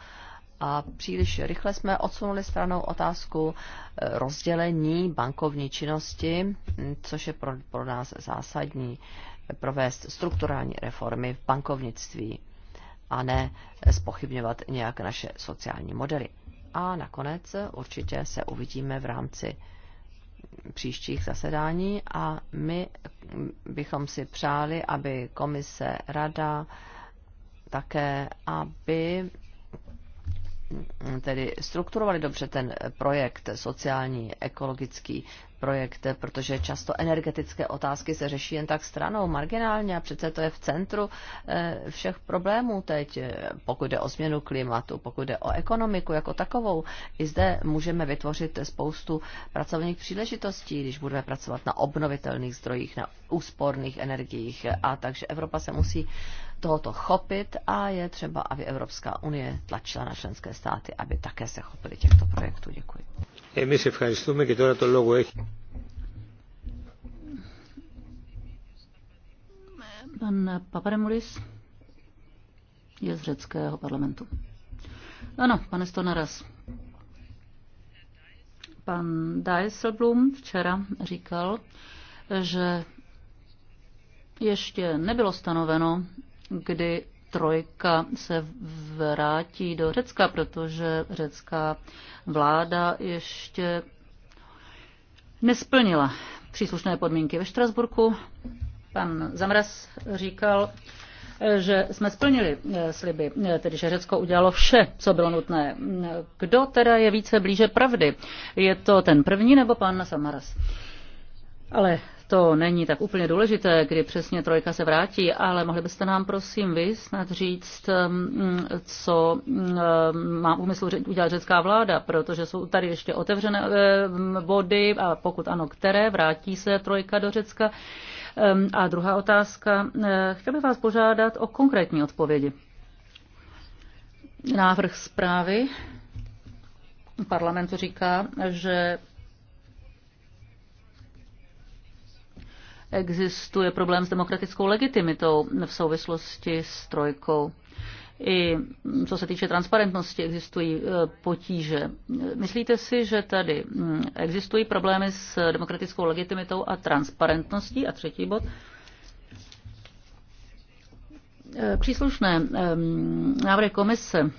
[SPEAKER 3] a příliš rychle jsme odsunuli stranou otázku eh, rozdělení bankovní činnosti, hm, což je pro, pro nás zásadní eh, provést strukturální reformy v bankovnictví a ne spochybňovat nějak naše sociální modely. A nakonec určitě se uvidíme v rámci příštích zasedání a my bychom si přáli, aby komise, rada také, aby tedy strukturovali dobře ten projekt sociální, ekologický projekt, protože často energetické otázky se řeší jen tak stranou, marginálně a přece to je v centru eh, všech problémů teď, pokud jde o změnu klimatu, pokud jde o ekonomiku jako takovou. I zde můžeme vytvořit spoustu pracovních příležitostí, když budeme pracovat na obnovitelných zdrojích, na úsporných energiích a takže Evropa se musí tohoto chopit a je třeba, aby Evropská unie tlačila na členské státy, aby také se chopili těchto projektů. Děkuji.
[SPEAKER 1] tohle to logo je.
[SPEAKER 2] Pan Papademulis je z řeckého parlamentu. Ano, pane Stonaras. Pan Dijsselblum včera říkal, že ještě nebylo stanoveno, kdy trojka se vrátí do Řecka, protože řecká vláda ještě nesplnila příslušné podmínky ve Štrasburku. Pan Zamraz říkal, že jsme splnili eh, sliby, eh, tedy že Řecko udělalo vše, co bylo nutné. Eh, kdo teda je více blíže pravdy? Je to ten první nebo pan Samaras? Ale to není tak úplně důležité, kdy přesně trojka se vrátí, ale mohli byste nám prosím vy snad říct, um, co um, má úmysl udělat řecká vláda, protože jsou tady ještě otevřené eh, body a pokud ano, které, vrátí se trojka do Řecka. Um, a druhá otázka, eh, chtěl bych vás požádat o konkrétní odpovědi. Návrh zprávy parlamentu říká, že existuje problém s demokratickou legitimitou v souvislosti s trojkou. I co se týče transparentnosti, existují eh, potíže. Myslíte si, že tady mm, existují problémy s demokratickou legitimitou a transparentností? A třetí bod. Eh, příslušné ehm, návrhy komise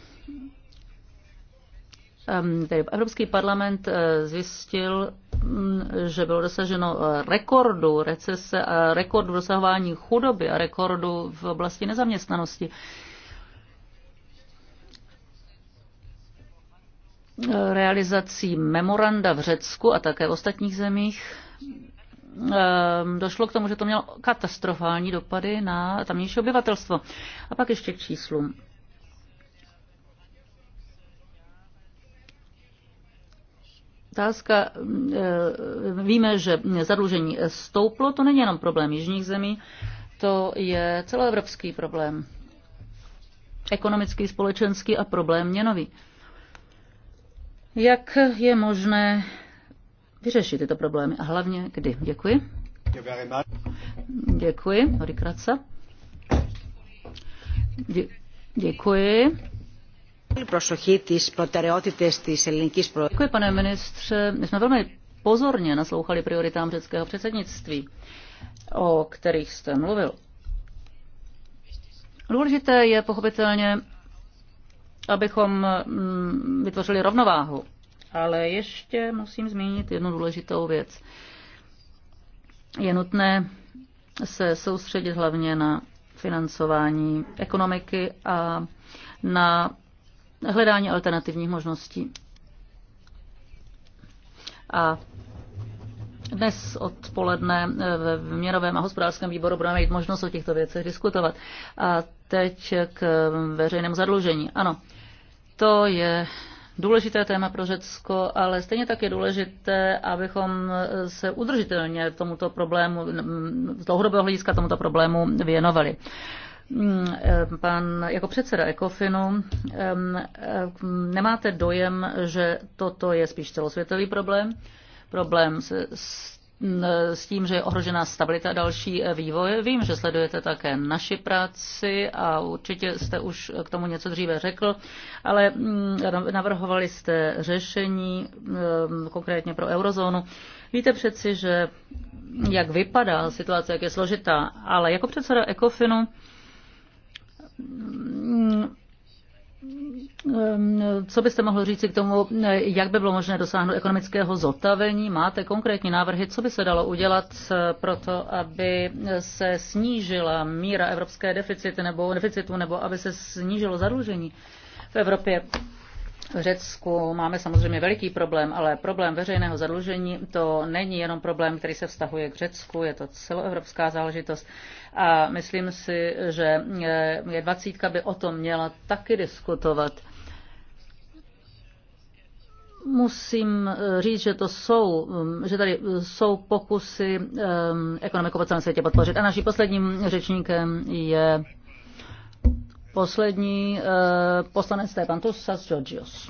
[SPEAKER 2] ehm, Evropský parlament eh, zjistil, Mm, že bylo dosaženo eh, rekordu recese, eh, rekordu dosahování chudoby a rekordu v oblasti nezaměstnanosti. Eh, realizací memoranda v Řecku a také v ostatních zemích ehm, došlo k tomu, že to mělo katastrofální dopady na tamnější obyvatelstvo. A pak ještě k číslům. otázka, mm, e, víme, že zadlužení stouplo, to není jenom problém jižních zemí, to je celoevropský problém. Ekonomický, společenský a problém měnový. Jak je možné vyřešit tyto problémy a hlavně kdy? Děkuji. Děkuji, Děkuji. děkuji pane ministře. My jsme velmi pozorně naslouchali prioritám řeckého předsednictví, o kterých jste mluvil. Důležité je pochopitelně, abychom mm, vytvořili rovnováhu. Ale ještě musím zmínit jednu důležitou věc. Je nutné se soustředit hlavně na financování ekonomiky a na hledání alternativních možností. A dnes odpoledne v měrovém a hospodářském výboru budeme mít možnost o těchto věcech diskutovat. A teď k veřejnému zadlužení. Ano, to je důležité téma pro Řecko, ale stejně tak je důležité, abychom se udržitelně tomuto problému, z dlouhodobého hlediska tomuto problému věnovali. Mm, eh, pan, jako předseda Ecofinu, eh, eh, nemáte dojem, že toto je spíš celosvětový problém? Problém s, s tím, že je ohrožená stabilita další vývoje. Vím, že sledujete také naši práci a určitě jste už k tomu něco dříve řekl, ale mm, navrhovali jste řešení konkrétně pro eurozónu. Víte přeci, že jak vypadá situace, jak je složitá, ale jako předseda Ecofinu. Mm, mm, co byste mohl říci k tomu, jak by bylo možné dosáhnout ekonomického zotavení? Máte konkrétní návrhy, co by se dalo udělat pro to, aby se snížila míra evropské deficity nebo deficitu, nebo aby se snížilo zadlužení v Evropě? V Řecku máme samozřejmě veliký problém, ale problém veřejného zadlužení to není jenom problém, který se vztahuje k Řecku, je to celoevropská záležitost. A myslím si, že eh, je dvacítka by o tom měla taky diskutovat musím eh, říct, že to jsou, mm, že tady eh, jsou pokusy ekonomiku po celém světě podpořit. A naším posledním řečníkem je poslední poslanec Stepan Tussas Georgios.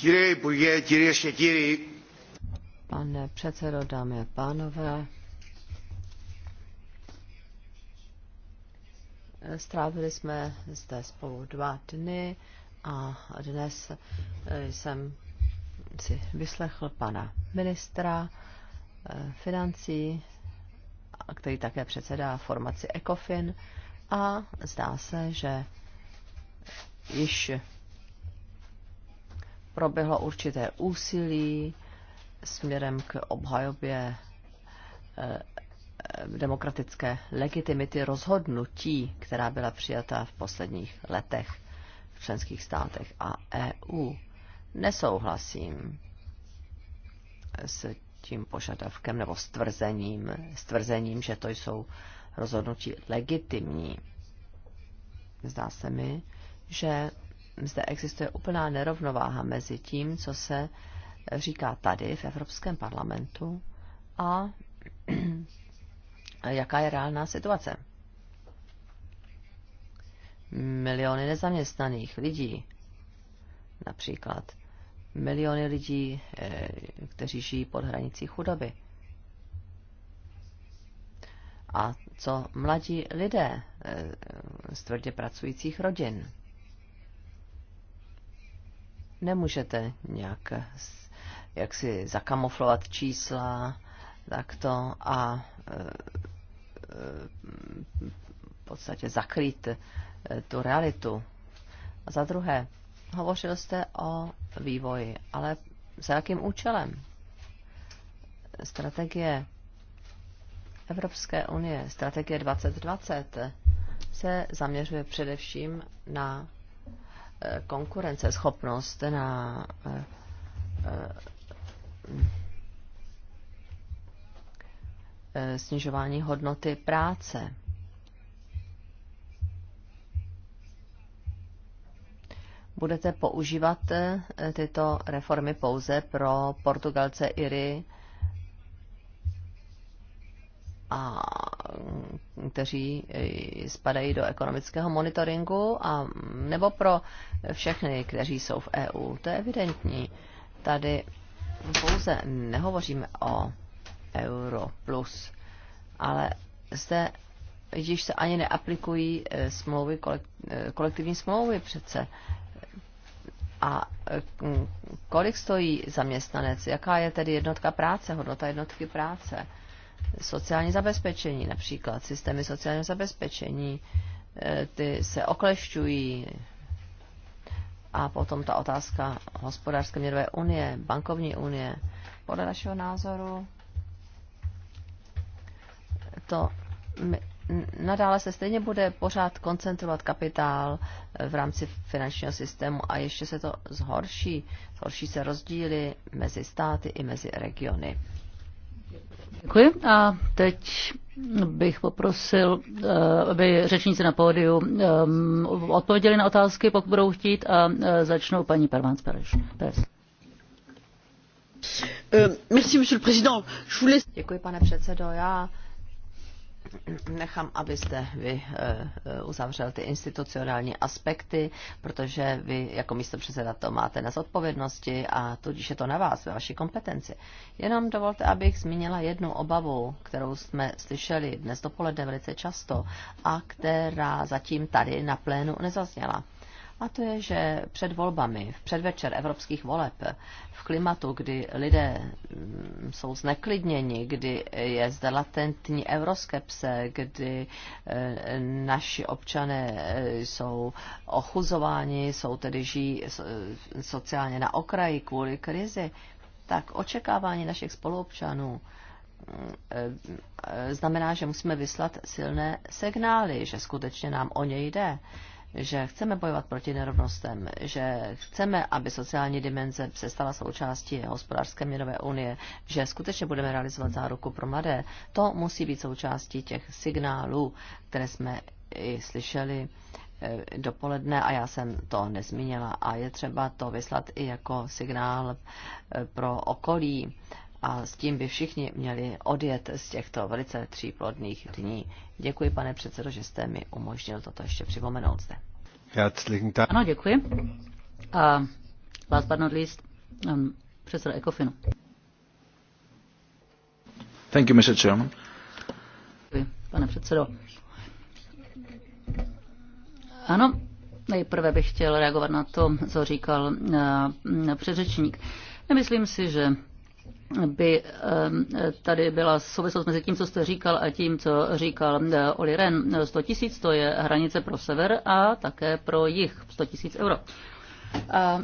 [SPEAKER 1] Kyrie Υπουργέ, κυρίε και κύριοι,
[SPEAKER 3] pane předsedo, dámy a pánové. Strávili jsme zde spolu dva dny a dnes eh, jsem si vyslechl pana ministra eh, financí, který také předsedá formaci ECOFIN a zdá se, že již proběhlo určité úsilí směrem k obhajobě eh, eh, demokratické legitimity rozhodnutí, která byla přijata v posledních letech v členských státech a EU. Nesouhlasím s tím požadavkem nebo stvrzením, stvrzením, že to jsou rozhodnutí legitimní. Zdá se mi, že zde existuje úplná nerovnováha mezi tím, co se říká tady v Evropském parlamentu a jaká je reálná situace. Miliony nezaměstnaných lidí, například. Miliony lidí, eh, kteří žijí pod hranicí chudoby. A co mladí lidé eh, z tvrdě pracujících rodin? Nemůžete nějak jak si zakamuflovat čísla, takto a e, e, v podstatě zakrýt e, tu realitu. A za druhé, hovořil jste o vývoji, ale za jakým účelem? Strategie Evropské unie, strategie 2020, se zaměřuje především na konkurenceschopnost, na Eh, snižování hodnoty práce. Budete používat eh, tyto reformy pouze pro Portugalce, Iry, a mm, kteří eh, spadají do ekonomického monitoringu, a, nebo pro všechny, kteří jsou v EU. To je evidentní. Tady pouze nehovoříme o euro plus, ale zde již se ani neaplikují eh, smlouvy, eh, kolektivní smlouvy přece. A eh, kolik stojí zaměstnanec? Jaká je tedy jednotka práce, hodnota jednotky práce? Sociální zabezpečení například, systémy sociálního zabezpečení, ty se oklešťují, a potom ta otázka hospodářské měnové unie, bankovní unie. Podle našeho názoru to nadále se stejně bude pořád koncentrovat kapitál e, v rámci finančního systému a ještě se to zhorší. Zhorší se rozdíly mezi státy i mezi regiony.
[SPEAKER 2] Děkuji a teď bych poprosil, eh, aby řečníci na pódiu eh, odpověděli na otázky, pokud budou chtít, a eh, začnou paní Pervans Perez.
[SPEAKER 3] Děkuji, pane předsedo. Já nechám, abyste vy eh, eh, uzavřel ty institucionální aspekty, protože vy jako místo předseda to máte na zodpovědnosti a tudíž je to na vás, ve vaší kompetenci. Jenom dovolte, abych zmínila jednu obavu, kterou jsme slyšeli dnes dopoledne velice často a která zatím tady na plénu nezazněla. A to je, že před volbami, v předvečer evropských voleb, v klimatu, kdy lidé mm, jsou zneklidněni, kdy je zde latentní euroskepse, kdy eh, naši občané eh, jsou ochuzováni, jsou tedy žijí eh, sociálně na okraji kvůli krizi, tak očekávání našich spoluobčanů mm, znamená, že musíme vyslat silné signály, že skutečně nám o ně jde že chceme bojovat proti nerovnostem, že chceme, aby sociální dimenze se stala součástí hospodářské měnové unie, že skutečně budeme realizovat záruku pro mladé, to musí být součástí těch signálů, které jsme i slyšeli eh, dopoledne a já jsem to nezmínila a je třeba to vyslat i jako signál eh, pro okolí a s tím by všichni měli odjet z těchto velice tříplodných dní. Děkuji, pane předsedo, že jste mi umožnil toto ještě připomenout zde. Ano, děkuji. A
[SPEAKER 2] last but not least, um, předseda Ekofinu.
[SPEAKER 1] Thank you, Mr. Chairman.
[SPEAKER 2] Děkuji, pane předsedo. Ano, nejprve bych chtěl reagovat na to, co říkal uh, předřečník. Nemyslím si, že by tady byla souvislost mezi tím, co jste říkal a tím, co říkal eh, Oli Ren. 100 tisíc to je hranice pro sever a také pro jich 100 tisíc euro. A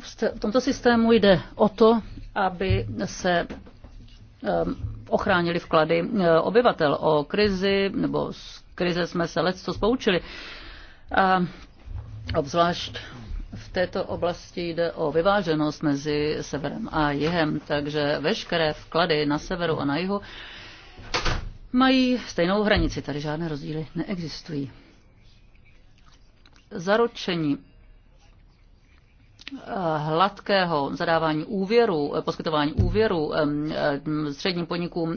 [SPEAKER 2] v tomto systému jde o to, aby se ochránili vklady eh, obyvatel. O krizi nebo z krize jsme se letco spoučili. A obzvlášť v této oblasti jde o vyváženost mezi severem a jihem, takže veškeré vklady na severu a na jihu mají stejnou hranici, tady žádné rozdíly neexistují. Zaručení eh, hladkého zadávání úvěru, eh, poskytování úvěru eh, středním podnikům,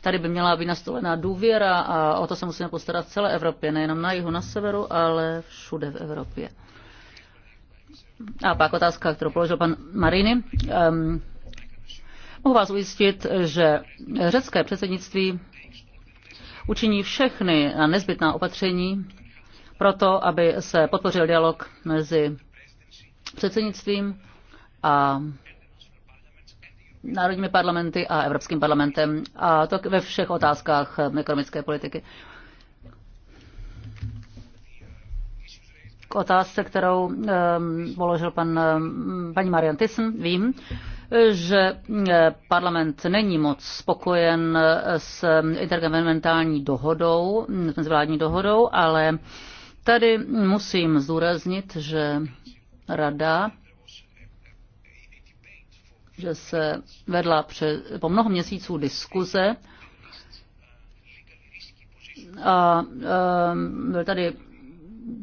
[SPEAKER 2] tady by měla být nastolená důvěra a o to se musíme postarat v celé Evropě, nejenom na jihu, na severu, ale všude v Evropě. A pak otázka, kterou položil pan Mariny. Um, ehm, mohu vás ujistit, že řecké předsednictví učiní všechny nezbytná opatření pro to, aby se podpořil dialog mezi předsednictvím a národními parlamenty a Evropským parlamentem a to ve všech otázkách ekonomické politiky. k otázce, kterou položil pan, paní Marian Thyssen, vím, že parlament není moc spokojen s intergovernmentální dohodou, s vládní dohodou, ale tady musím zdůraznit, že rada že se vedla pře, po mnoho měsíců diskuze a a byl tady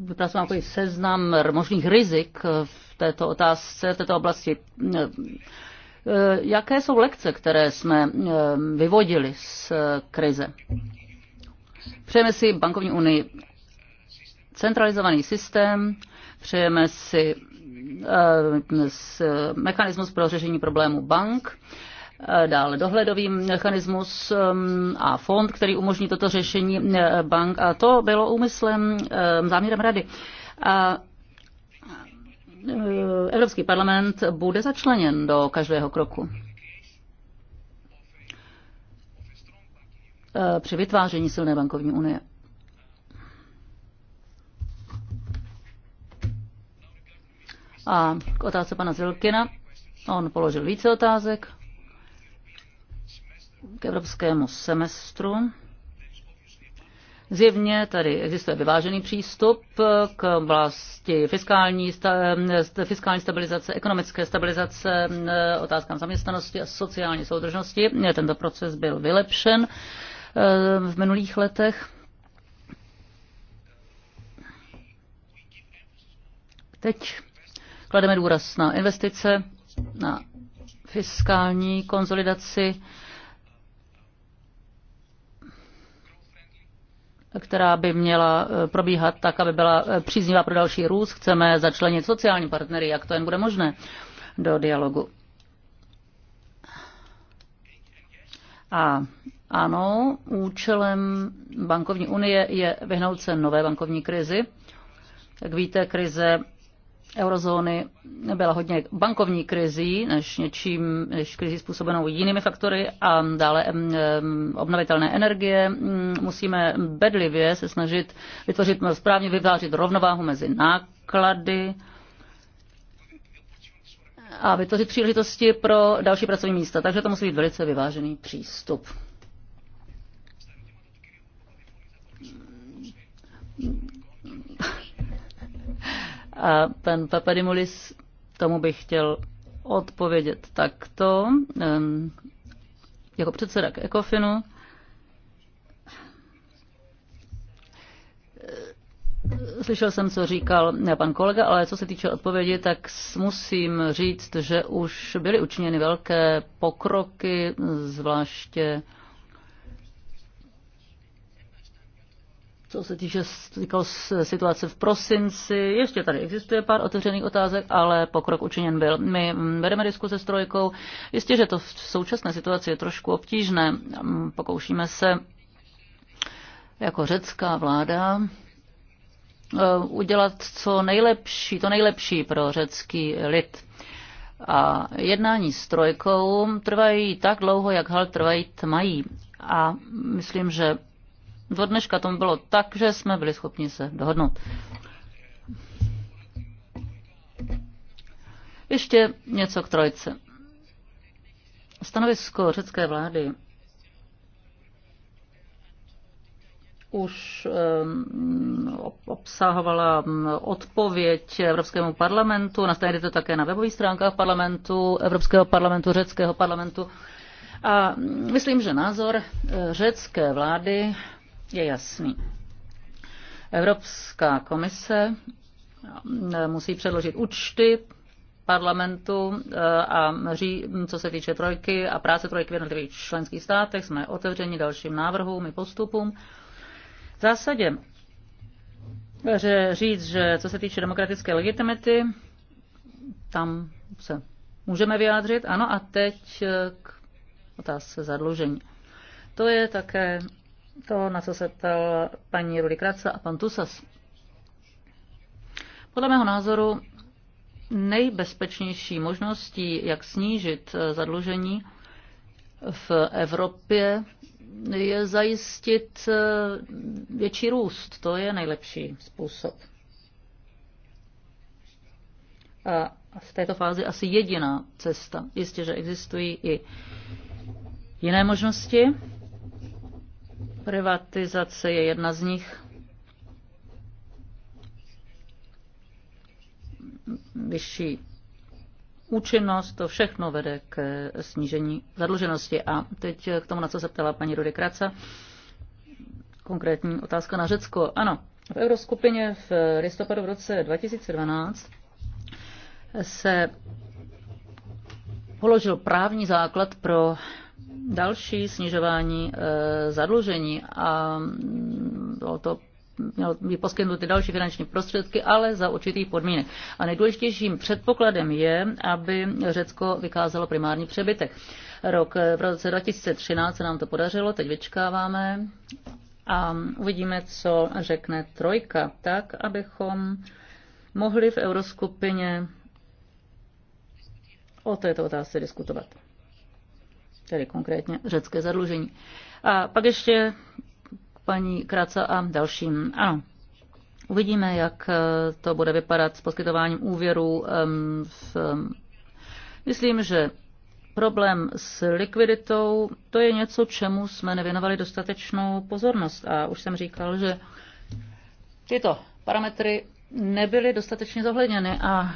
[SPEAKER 2] vypracoval takový seznam možných rizik eh, v této otázce, v této oblasti. Eh, jaké jsou lekce, které jsme eh, vyvodili z krize? Přejeme si bankovní unii centralizovaný systém, přejeme si mechanismus pro řešení problému bank, Eh, dále dohledový mechanismus a fond, který umožní toto řešení eh, bank. A to bylo úmyslem, záměrem rady. A eh, Evropský parlament bude začleněn do každého kroku. při vytváření silné bankovní unie. A k otázce pana Zilkina. On položil více otázek k evropskému semestru. Zjevně tady existuje vyvážený přístup k vlasti fiskální, sta, eh, fiskální stabilizace, ekonomické stabilizace, eh, otázkám zaměstnanosti a sociální soudržnosti. Tento proces byl vylepšen eh, v minulých letech. Teď klademe důraz na investice, na fiskální konsolidaci která by měla eh, probíhat tak, aby byla eh, příznivá pro další růst. Chceme začlenit sociální partnery, jak to jen bude možné, do dialogu. A ano, účelem bankovní unie je vyhnout se nové bankovní krizi. Jak víte, krize eurozóny byla hodně bankovní krizí, než něčím, než krizí způsobenou jinými faktory a dále obnovitelné energie. Mm, musíme bedlivě se snažit vytvořit správně vyvážit rovnováhu mezi náklady a vytvořit příležitosti pro další pracovní místa. Takže to musí být velice vyvážený přístup. A pan Papadimulis, tomu bych chtěl odpovědět takto. Jako předseda k Ekofinu Slyšel jsem, co říkal pan kolega, ale co se týče odpovědi, tak musím říct, že už byly učiněny velké pokroky, zvláště co se týče situace v prosinci, ještě tady existuje pár otevřených otázek, ale pokrok učiněn byl. My mm, vedeme diskuse s trojkou. Jistě, že to v současné situaci je trošku obtížné. Mm, pokoušíme se jako řecká vláda eh, udělat co nejlepší, to nejlepší pro řecký lid. A jednání s trojkou trvají tak dlouho, jak hal trvají mají. A myslím, že do dneška tomu bylo tak, že jsme byli schopni se dohodnout. Ještě něco k trojce. Stanovisko řecké vlády už obsahovala odpověď Evropskému parlamentu, nastavíte to také na webových stránkách parlamentu, Evropského parlamentu, řeckého parlamentu. A myslím, že názor eh, řecké vlády je jasný. Evropská komise eh, musí předložit účty parlamentu eh, a ří, co se týče trojky a práce trojky v jednotlivých členských státech, jsme otevřeni dalším návrhům i postupům. V zásadě že říct, že co se týče demokratické legitimity, tam se můžeme vyjádřit. Ano, a teď eh, k otázce zadlužení. To je také to, na co se ptal paní Rudy Kratsa a pan Tusas. Podle mého názoru nejbezpečnější možností, jak snížit eh, zadlužení v Evropě, je zajistit eh, větší růst. To je nejlepší způsob. A v této fázi asi jediná cesta. Jistě, že existují i jiné možnosti, Privatizace je jedna z nich. Vyšší účinnost, to všechno vede k snížení zadluženosti. A teď k tomu, na co se ptala paní Rudy Kraca. Konkrétní otázka na Řecko. Ano, v Euroskupině v listopadu v roce 2012 se položil právní základ pro další snižování eh, zadlužení a mm, bylo to mělo být poskytnuty další finanční prostředky, ale za určitých podmínek. A nejdůležitějším předpokladem je, aby Řecko vykázalo primární přebytek. Rok eh, v roce 2013 se nám to podařilo, teď vyčkáváme a uvidíme, co řekne trojka, tak abychom mohli v euroskupině o této otázce diskutovat tedy konkrétně řecké zadlužení. A pak ještě paní Kraca a dalším. Ano, uvidíme, jak eh, to bude vypadat s poskytováním úvěru. V, myslím, že problém s likviditou, to je něco, čemu jsme nevěnovali dostatečnou pozornost. A už jsem říkal, že tyto parametry nebyly dostatečně zohledněny a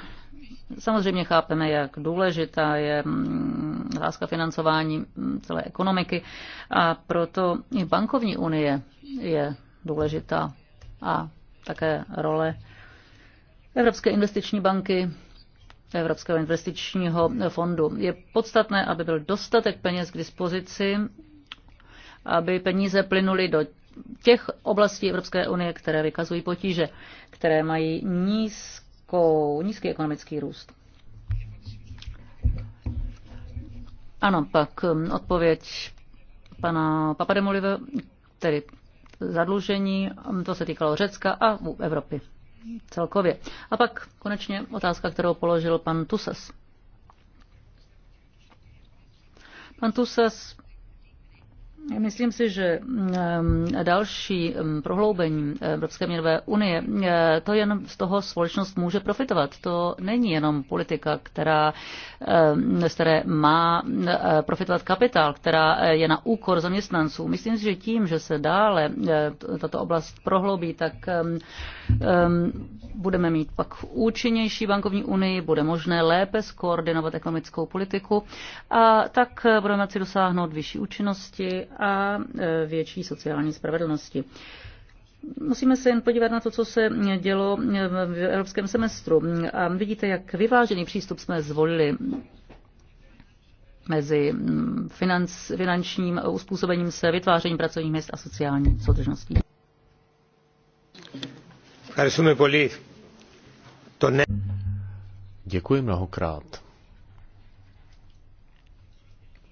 [SPEAKER 2] Samozřejmě chápeme, jak důležitá je mm, otázka financování mm, celé ekonomiky a proto i bankovní unie je důležitá a také role Evropské investiční banky, Evropského investičního fondu. Je podstatné, aby byl dostatek peněz k dispozici, aby peníze plynuly do těch oblastí Evropské unie, které vykazují potíže, které mají nízké nízkou, jako nízký ekonomický růst. Ano, pak hm, odpověď pana Papademolive, tedy zadlužení, hm, to se týkalo Řecka a Evropy celkově. A pak konečně otázka, kterou položil pan Tusas. Pan Tusas Myslím si, že mm, eh, další mm, prohloubení Evropské měnové unie, eh, to jen z toho společnost může profitovat. To není jenom politika, která, eh, z které má profitovat kapitál, která je na úkor zaměstnanců. Myslím si, že tím, že se dále tato oblast prohloubí, tak mm, budeme mít pak účinnější bankovní unii, bude možné lépe skoordinovat ekonomickou politiku a tak budeme si dosáhnout vyšší účinnosti a e, větší sociální spravedlnosti. Musíme se jen podívat na to, co se dělo v evropském semestru. A vidíte, jak vyvážený přístup jsme zvolili mezi financ, finančním uspůsobením se, vytvářením pracovních měst a sociální soudržností.
[SPEAKER 4] Děkuji mnohokrát.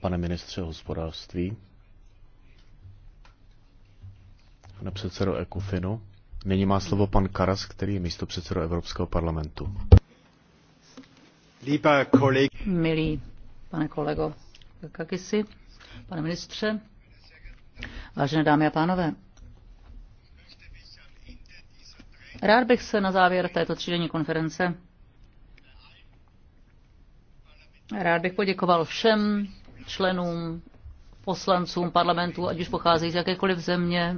[SPEAKER 4] Pane ministře hospodářství, pane předsedo Ekofinu. Nyní má slovo pan Karas, který je místo předsedo Evropského parlamentu.
[SPEAKER 2] Milý pane kolego Kakisi, pane ministře, vážené dámy a pánové, rád bych se na závěr této třídenní konference rád bych poděkoval všem členům, poslancům parlamentu, ať už pocházejí z jakékoliv země,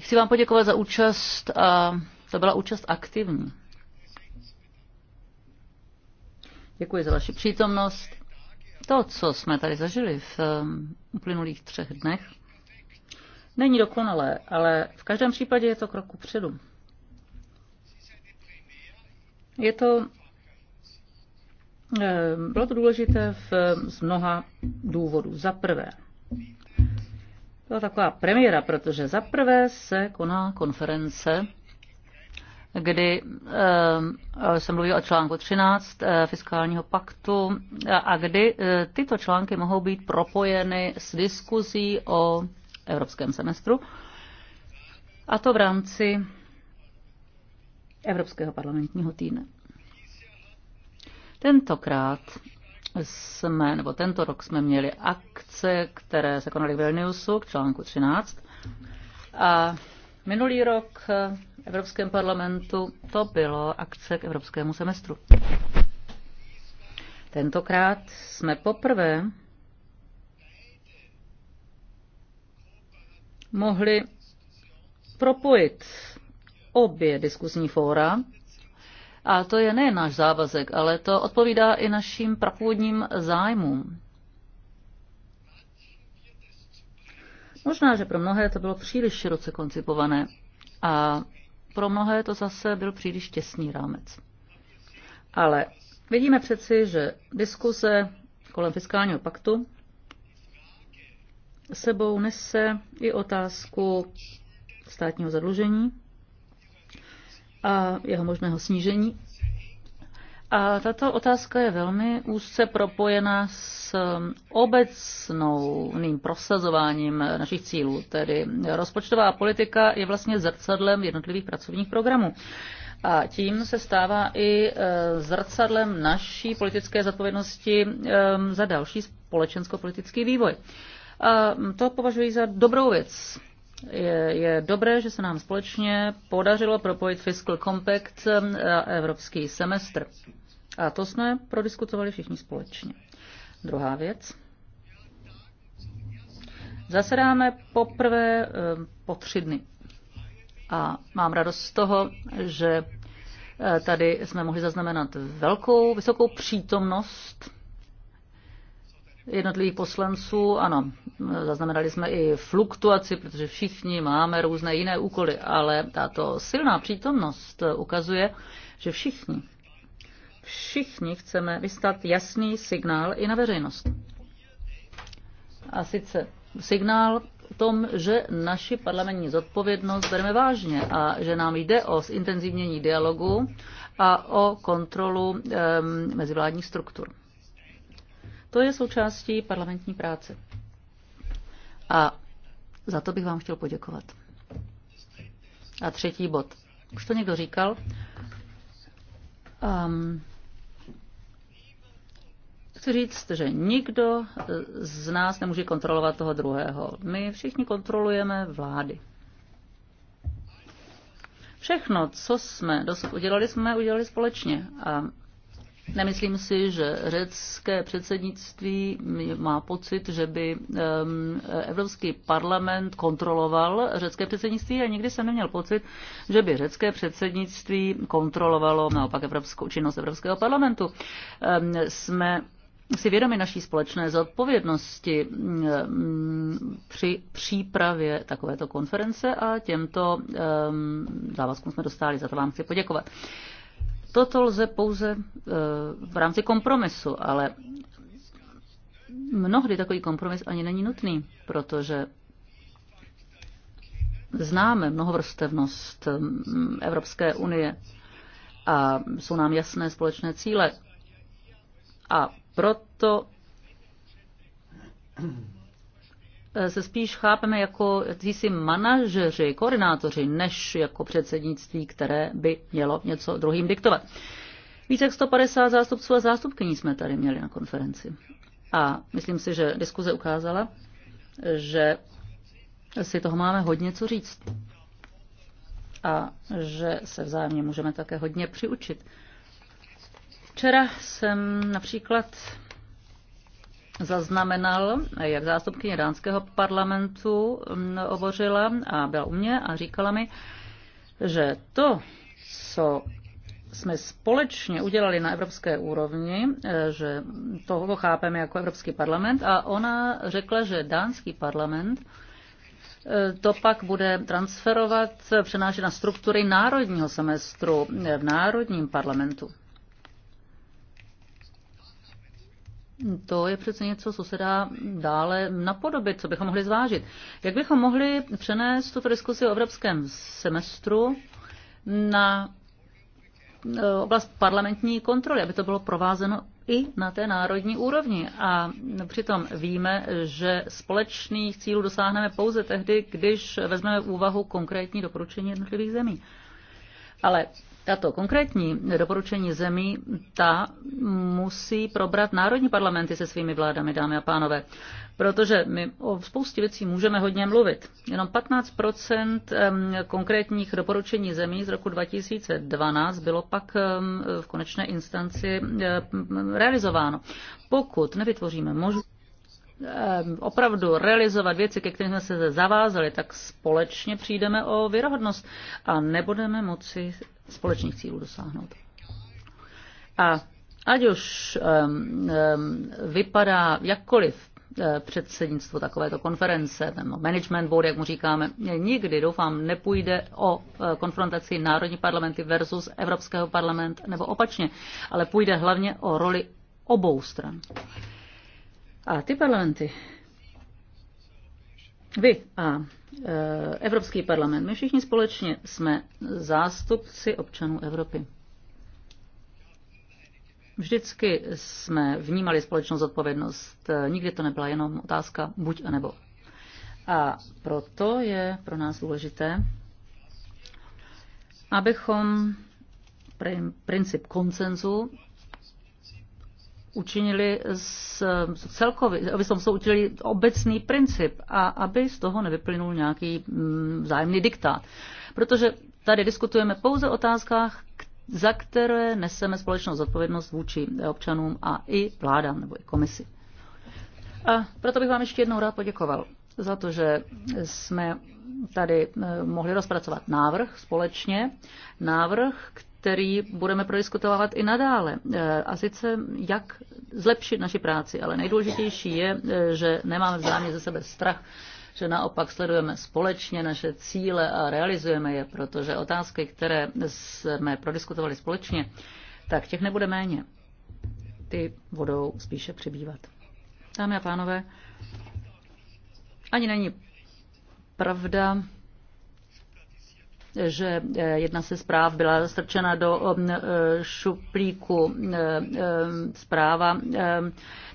[SPEAKER 2] Chci vám poděkovat za účast a to byla účast aktivní. Děkuji za vaši přítomnost. To, co jsme tady zažili v um, uplynulých třech dnech, není dokonalé, ale v každém případě je to krok předu. Je to, um, bylo to důležité v, z mnoha důvodů. Za prvé, byla taková premiéra, protože zaprvé se koná konference kdy eh, se mluví o článku 13 eh, fiskálního paktu eh, a kdy tyto články mohou být propojeny s diskuzí o evropském semestru, a to v rámci Evropského parlamentního týdne. Tentokrát jsme, nebo tento rok jsme měli akce, které se konaly v Vilniusu k článku 13. A minulý rok v Evropském parlamentu to bylo akce k Evropskému semestru. Tentokrát jsme poprvé mohli propojit obě diskusní fóra a to je nejen náš závazek, ale to odpovídá i našim prapůvodním zájmům. Možná, že pro mnohé to bylo příliš široce koncipované a pro mnohé to zase byl příliš těsný rámec. Ale vidíme přeci, že diskuze kolem fiskálního paktu sebou nese i otázku státního zadlužení a jeho možného snížení. A tato otázka je velmi úzce propojená s obecným prosazováním našich cílů, tedy rozpočtová politika je vlastně zrcadlem jednotlivých pracovních programů. A tím se stává i e, zrcadlem naší politické zodpovědnosti e, za další společensko-politický vývoj. A to považuji za dobrou věc, je, je dobré, že se nám společně podařilo propojit Fiscal Compact a evropský semestr. A to jsme prodiskutovali všichni společně. Druhá věc. Zasedáme poprvé eh, po tři dny. A mám radost z toho, že eh, tady jsme mohli zaznamenat velkou, vysokou přítomnost jednotlivých poslanců, ano, zaznamenali jsme i fluktuaci, protože všichni máme různé jiné úkoly, ale tato silná přítomnost ukazuje, že všichni, všichni chceme vystat jasný signál i na veřejnost. A sice signál tom, že naši parlamentní zodpovědnost bereme vážně a že nám jde o zintenzivnění dialogu a o kontrolu um, mezivládních struktur. To je součástí parlamentní práce. A za to bych vám chtěl poděkovat. A třetí bod. Už to někdo říkal. Um, chci říct, že nikdo eh, z nás nemůže kontrolovat toho druhého. My všichni kontrolujeme vlády. Všechno, co jsme dosud udělali, jsme udělali společně. A Nemyslím si, že řecké předsednictví má pocit, že by Evropský parlament kontroloval řecké předsednictví a nikdy jsem neměl pocit, že by řecké předsednictví kontrolovalo naopak evropskou činnost Evropského parlamentu. Jsme si vědomi naší společné zodpovědnosti při přípravě takovéto konference a těmto závazkům jsme dostali. Za to vám chci poděkovat. Toto lze pouze e, v rámci kompromisu, ale mnohdy takový kompromis ani není nutný, protože známe mnohovrstevnost Evropské unie a jsou nám jasné společné cíle. A proto Eh, se spíš chápeme jako si manažeři, koordinátoři, než jako předsednictví, které by mělo něco druhým diktovat. Více jak 150 zástupců a zástupkyní jsme tady měli na konferenci. A myslím si, že diskuze ukázala, že si toho máme hodně co říct. A že se vzájemně můžeme také hodně přiučit. Včera jsem například zaznamenal, jak zástupkyně dánského parlamentu mm, hovořila a byla u mě a říkala mi, že to, co jsme společně udělali na evropské úrovni, eh, že toho chápeme jako Evropský parlament a ona řekla, že dánský parlament eh, to pak bude transferovat, eh, přenášet na struktury národního semestru v národním parlamentu. to je přece něco, co se dá dále napodobit, co bychom mohli zvážit. Jak bychom mohli přenést tuto diskusi o evropském semestru na e, oblast parlamentní kontroly, aby to bylo provázeno i na té národní úrovni. A přitom víme, že společných cílů dosáhneme pouze tehdy, když vezmeme v úvahu konkrétní doporučení jednotlivých zemí. Ale tato konkrétní doporučení zemí, ta musí probrat národní parlamenty se svými vládami, dámy a pánové, protože my o spoustě věcí můžeme hodně mluvit. Jenom 15 konkrétních doporučení zemí z roku 2012 bylo pak v konečné instanci realizováno. Pokud nevytvoříme možnost, opravdu realizovat věci, ke kterým jsme se zavázali, tak společně přijdeme o věrohodnost a nebudeme moci společných cílů dosáhnout. A ať už um, um, vypadá jakkoliv eh, předsednictvo takovéto konference, nebo management board, jak mu říkáme, nikdy, doufám, nepůjde o eh, konfrontaci národní parlamenty versus Evropského parlament nebo opačně, ale půjde hlavně o roli obou stran. A ty parlamenty, vy a Eh, Evropský parlament. My všichni společně jsme zástupci občanů Evropy. Vždycky jsme vnímali společnou zodpovědnost. Eh, Nikdy to nebyla jenom otázka buď a nebo. A proto je pro nás důležité, abychom princip koncenzu učinili z, celkově, se učili obecný princip a aby z toho nevyplynul nějaký mm, vzájemný diktát. Protože tady diskutujeme pouze o otázkách, za které neseme společnou zodpovědnost vůči občanům a i vládám nebo i komisi. A proto bych vám ještě jednou rád poděkoval za to, že jsme tady eh, mohli rozpracovat návrh společně, návrh, který budeme prodiskutovat i nadále. Eh, a sice, jak zlepšit naši práci. Ale nejdůležitější je, eh, že nemáme vzájemně ze sebe strach že naopak sledujeme společně naše cíle a realizujeme je, protože otázky, které jsme prodiskutovali společně, tak těch nebude méně. Ty budou spíše přibývat. Dámy a pánové, ani není pravda, že eh, jedna ze zpráv byla strčena do eh, šuplíku eh, zpráva.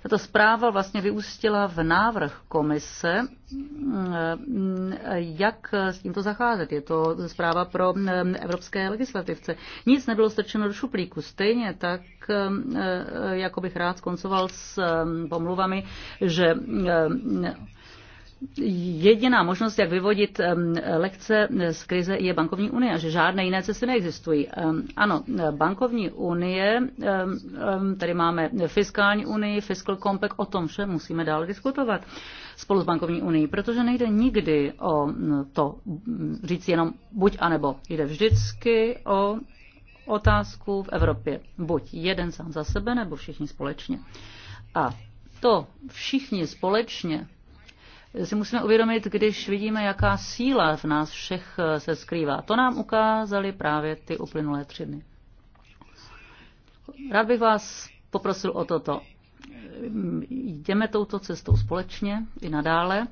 [SPEAKER 2] Tato zpráva vlastně vyústila v návrh komise, jak s tímto zacházet. Je to zpráva pro evropské legislativce. Nic nebylo strčeno do šuplíku. Stejně tak, jako bych rád skoncoval s pomluvami, že jediná možnost, jak vyvodit lekce z krize, je bankovní unie že žádné jiné cesty neexistují. Ano, bankovní unie, tady máme fiskální unii, fiscal compact, o tom vše musíme dále diskutovat spolu s bankovní unii, protože nejde nikdy o to říct jenom buď anebo. Jde vždycky o otázku v Evropě. Buď jeden sám za sebe, nebo všichni společně. A to všichni společně si musíme uvědomit, když vidíme, jaká síla v nás všech eh, se skrývá. To nám ukázali právě ty uplynulé tři dny. Rád bych vás poprosil o toto. Jdeme touto cestou společně i nadále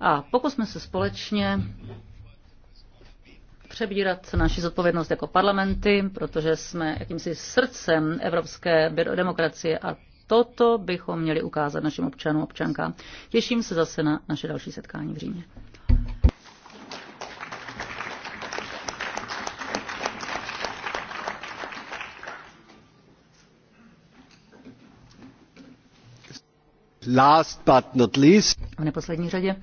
[SPEAKER 2] a pokusme se společně přebírat naši zodpovědnost jako parlamenty, protože jsme jakýmsi srdcem evropské demokracie a Toto bychom měli ukázat našim občanům občankám. Těším se zase na naše další setkání v Římě.
[SPEAKER 1] Last but not least.
[SPEAKER 2] V neposlední řadě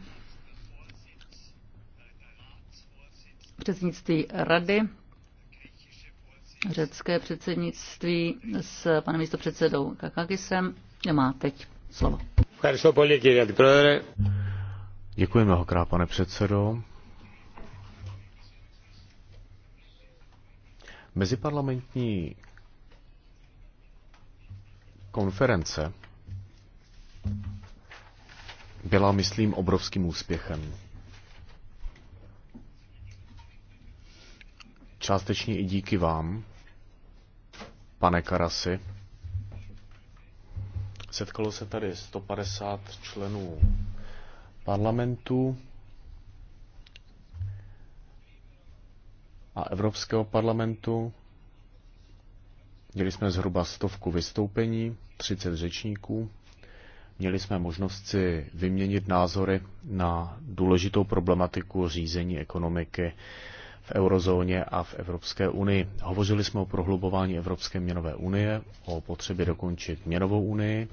[SPEAKER 2] předsednictví rady řecké předsednictví s panem místopředsedou Kakakisem.
[SPEAKER 1] Má teď slovo.
[SPEAKER 4] Děkuji mnohokrát, pane předsedo. Meziparlamentní konference byla, myslím, obrovským úspěchem. Částečně i díky vám, pane Karasi. Setkalo se tady 150 členů parlamentu a Evropského parlamentu. Měli jsme zhruba stovku vystoupení, 30 řečníků. Měli jsme možnost si vyměnit názory na důležitou problematiku řízení ekonomiky v eurozóně a v Evropské unii. Hovořili jsme o prohlubování Evropské měnové unie, o potřebě dokončit měnovou unii.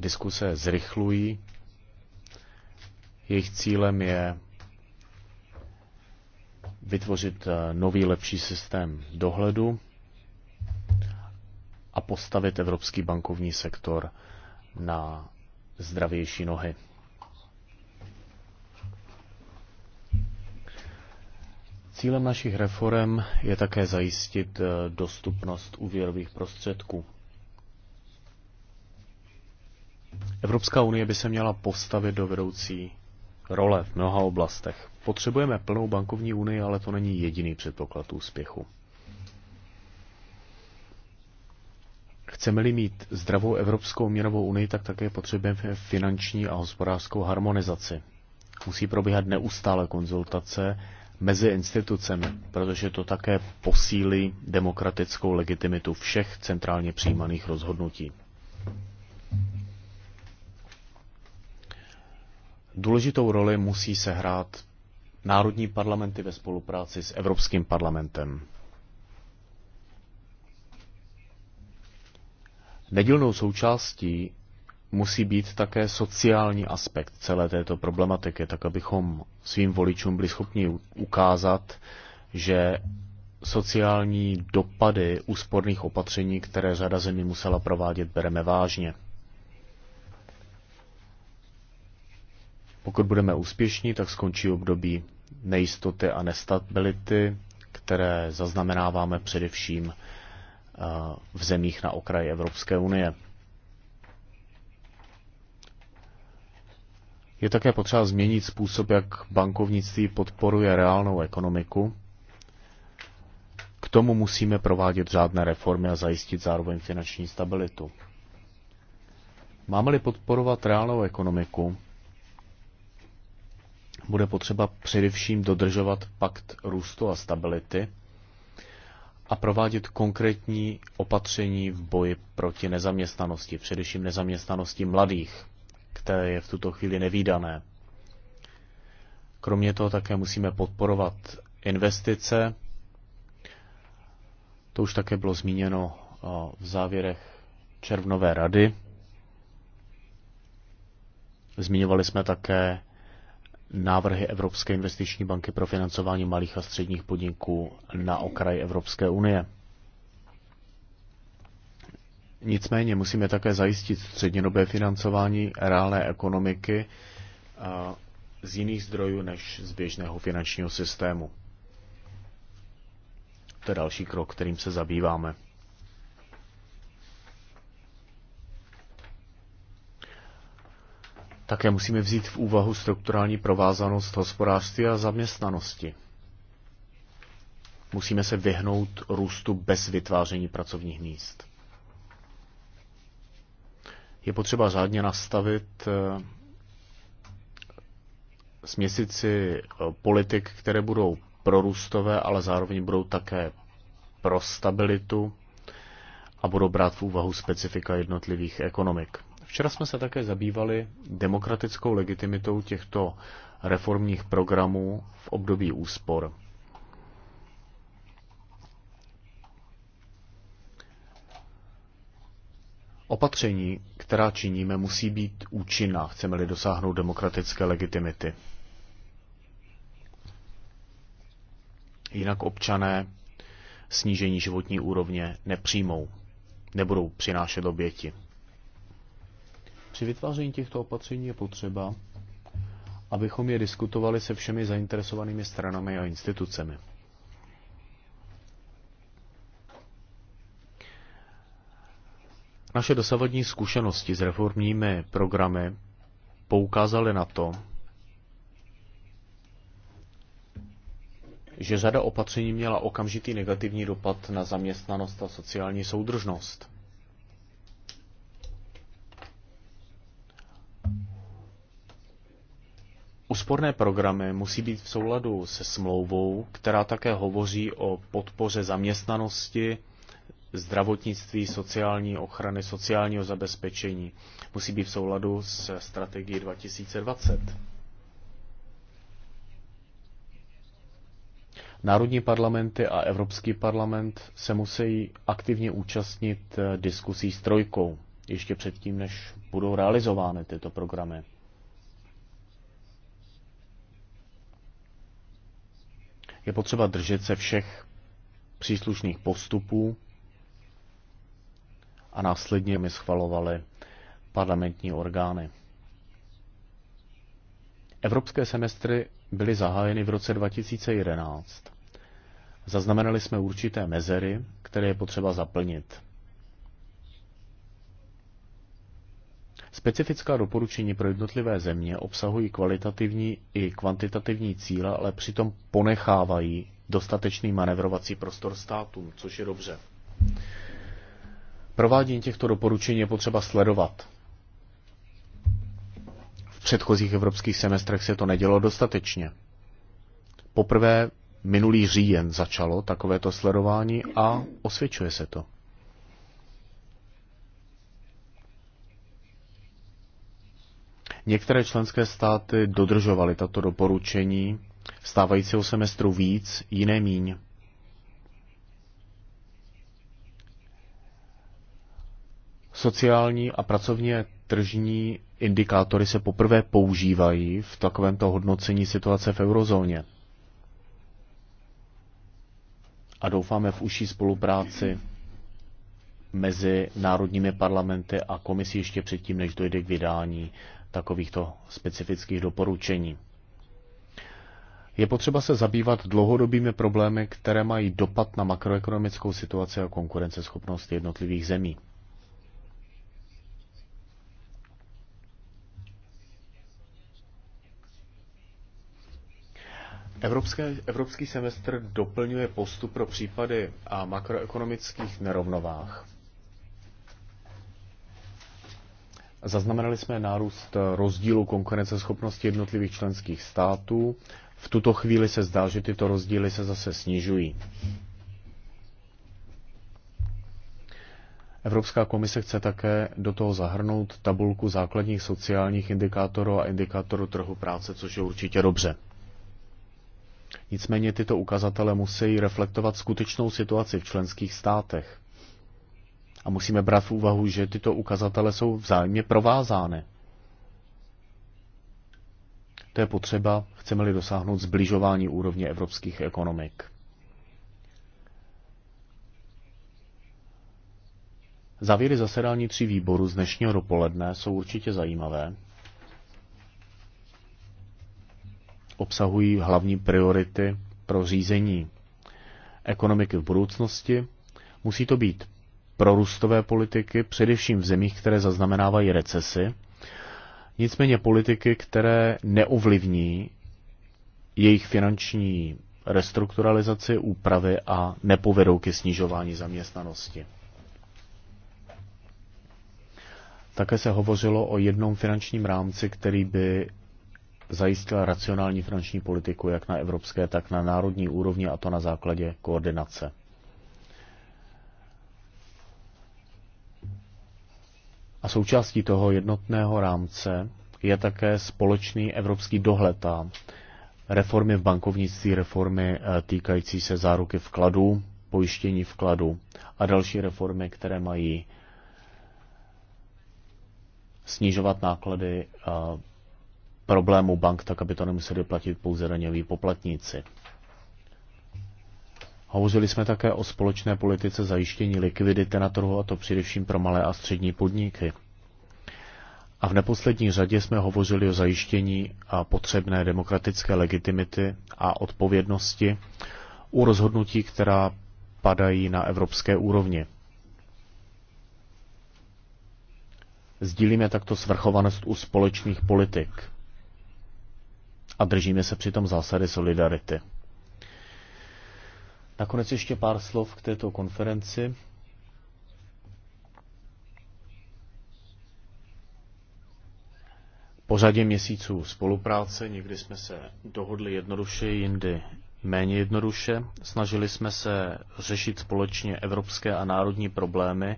[SPEAKER 4] Diskuse zrychlují. Jejich cílem je vytvořit eh, nový, lepší systém dohledu a postavit evropský bankovní sektor na zdravější nohy. Cílem našich reform je také zajistit eh, dostupnost úvěrových prostředků. Evropská unie by se měla postavit do vedoucí role v mnoha oblastech. Potřebujeme plnou bankovní unii, ale to není jediný předpoklad úspěchu. Chceme-li mít zdravou Evropskou měnovou unii, tak také potřebujeme finanční a hospodářskou harmonizaci. Musí probíhat neustále konzultace mezi institucemi, protože to také posílí demokratickou legitimitu všech centrálně přijímaných rozhodnutí. Důležitou roli musí sehrát národní parlamenty ve spolupráci s Evropským parlamentem. Nedílnou součástí musí být také sociální aspekt celé této problematiky, tak abychom svým voličům byli schopni ukázat, že sociální dopady úsporných opatření, které řada zemí musela provádět, bereme vážně. Pokud budeme úspěšní, tak skončí období nejistoty a nestability, které zaznamenáváme především eh, v zemích na okraji Evropské unie. Je také potřeba změnit způsob, jak bankovnictví podporuje reálnou ekonomiku. K tomu musíme provádět řádné reformy a zajistit zároveň finanční stabilitu. Máme-li podporovat reálnou ekonomiku, bude potřeba především dodržovat pakt růstu a stability a provádět konkrétní opatření v boji proti nezaměstnanosti, především nezaměstnanosti mladých které je v tuto chvíli nevýdané. Kromě toho také musíme podporovat investice. To už také bylo zmíněno eh, v závěrech červnové rady. Zmiňovali jsme také návrhy Evropské investiční banky pro financování malých a středních podniků na okraji Evropské unie. Nicméně musíme také zajistit střednědobé financování reálné ekonomiky z jiných zdrojů než z běžného finančního systému. To je další krok, kterým se zabýváme. Také musíme vzít v úvahu strukturální provázanost hospodářství a zaměstnanosti. Musíme se vyhnout růstu bez vytváření pracovních míst. Je potřeba řádně nastavit eh, směsici eh, politik, které budou prorůstové, ale zároveň budou také pro stabilitu a budou brát v úvahu specifika jednotlivých ekonomik. Včera jsme se také zabývali demokratickou legitimitou těchto reformních programů v období úspor. Opatření, která činíme, musí být účinná, chceme-li dosáhnout demokratické legitimity. Jinak občané snížení životní úrovně nepřijmou, nebudou přinášet oběti. Při vytváření těchto opatření je potřeba, abychom je diskutovali se všemi zainteresovanými stranami a institucemi. Naše dosavadní zkušenosti s reformními programy poukázaly na to, že řada opatření měla okamžitý negativní dopad na zaměstnanost a sociální soudržnost. Úsporné programy musí být v souladu se smlouvou, která také hovoří o podpoře zaměstnanosti, zdravotnictví, sociální ochrany, sociálního zabezpečení. Musí být v souladu s strategií 2020. Národní parlamenty a Evropský parlament se musí aktivně účastnit eh, diskusí s trojkou, ještě předtím, než budou realizovány tyto programy. Je potřeba držet se všech příslušných postupů a následně mi schvalovaly parlamentní orgány. Evropské semestry byly zahájeny v roce 2011. Zaznamenali jsme určité mezery, které je potřeba zaplnit. Specifická doporučení pro jednotlivé země obsahují kvalitativní i kvantitativní cíle, ale přitom ponechávají dostatečný manevrovací prostor státům, což je dobře. Provádění těchto doporučení je potřeba sledovat. V předchozích evropských semestrech se to nedělo dostatečně. Poprvé minulý říjen začalo takovéto sledování a osvědčuje se to. Některé členské státy dodržovaly tato doporučení stávajícího semestru víc, jiné míň. Sociální a pracovně tržní indikátory se poprvé používají v takovémto hodnocení situace v eurozóně. A doufáme v užší spolupráci mezi národními parlamenty a komisí ještě předtím, než dojde k vydání takovýchto specifických doporučení. Je potřeba se zabývat dlouhodobými problémy, které mají dopad na makroekonomickou situaci a konkurenceschopnost jednotlivých zemí. Evropské, evropský semestr doplňuje postup pro případy a makroekonomických nerovnovách. Zaznamenali jsme nárůst rozdílu konkurenceschopnosti jednotlivých členských států. V tuto chvíli se zdá, že tyto rozdíly se zase snižují. Evropská komise chce také do toho zahrnout tabulku základních sociálních indikátorů a indikátorů trhu práce, což je určitě dobře. Nicméně tyto ukazatele musí reflektovat skutečnou situaci v členských státech. A musíme brát v úvahu, že tyto ukazatele jsou vzájemně provázány. To je potřeba, chceme-li dosáhnout zbližování úrovně evropských ekonomik. Závěry zasedání tří výborů z dnešního dopoledne jsou určitě zajímavé obsahují hlavní priority pro řízení ekonomiky v budoucnosti. Musí to být prorůstové politiky, především v zemích, které zaznamenávají recesy, nicméně politiky, které neovlivní jejich finanční restrukturalizaci, úpravy a nepovedou ke snižování zaměstnanosti. Také se hovořilo o jednom finančním rámci, který by zajistila racionální finanční politiku jak na evropské, tak na národní úrovni a to na základě koordinace. A součástí toho jednotného rámce je také společný evropský dohled a reformy v bankovnictví, reformy eh, týkající se záruky vkladů, pojištění vkladu a další reformy, které mají snižovat náklady eh, problémů bank, tak aby to nemuseli platit pouze daňoví poplatníci. Hovořili jsme také o společné politice zajištění likvidity na trhu, a to především pro malé a střední podniky. A v neposlední řadě jsme hovořili o zajištění a potřebné demokratické legitimity a odpovědnosti u rozhodnutí, která padají na evropské úrovni. Sdílíme takto svrchovanost u společných politik a držíme se přitom zásady solidarity. Nakonec ještě pár slov k této konferenci. Po řadě měsíců spolupráce, někdy jsme se dohodli jednoduše, jindy méně jednoduše. Snažili jsme se řešit společně evropské a národní problémy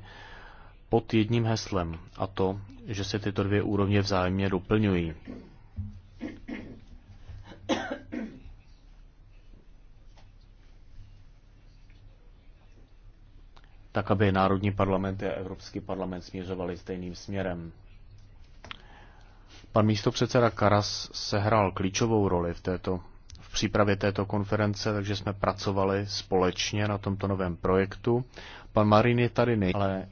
[SPEAKER 4] pod jedním heslem, a to, že se tyto dvě úrovně vzájemně doplňují tak aby národní parlamenty a Evropský parlament směřovali stejným směrem. Pan místopředseda Karas sehrál klíčovou roli v, této, v přípravě této konference, takže jsme pracovali společně na tomto novém projektu. Pan Marin je tady nej, ale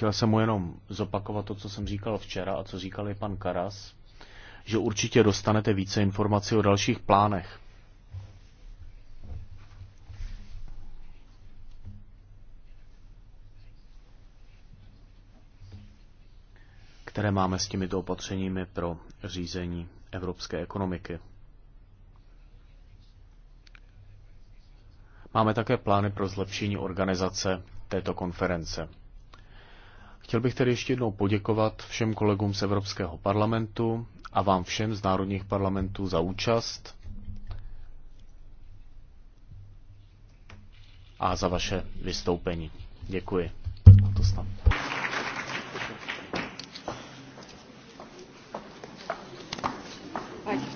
[SPEAKER 4] Chtěl jsem mu jenom zopakovat to, co jsem říkal včera a co říkal i pan Karas, že určitě dostanete více informací o dalších plánech. které máme s těmito opatřeními pro řízení evropské ekonomiky. Máme také plány pro zlepšení organizace této konference. Chtěl bych tedy ještě jednou poděkovat všem kolegům z Evropského parlamentu a vám všem z národních parlamentů za účast a za vaše vystoupení. Děkuji. A to snad.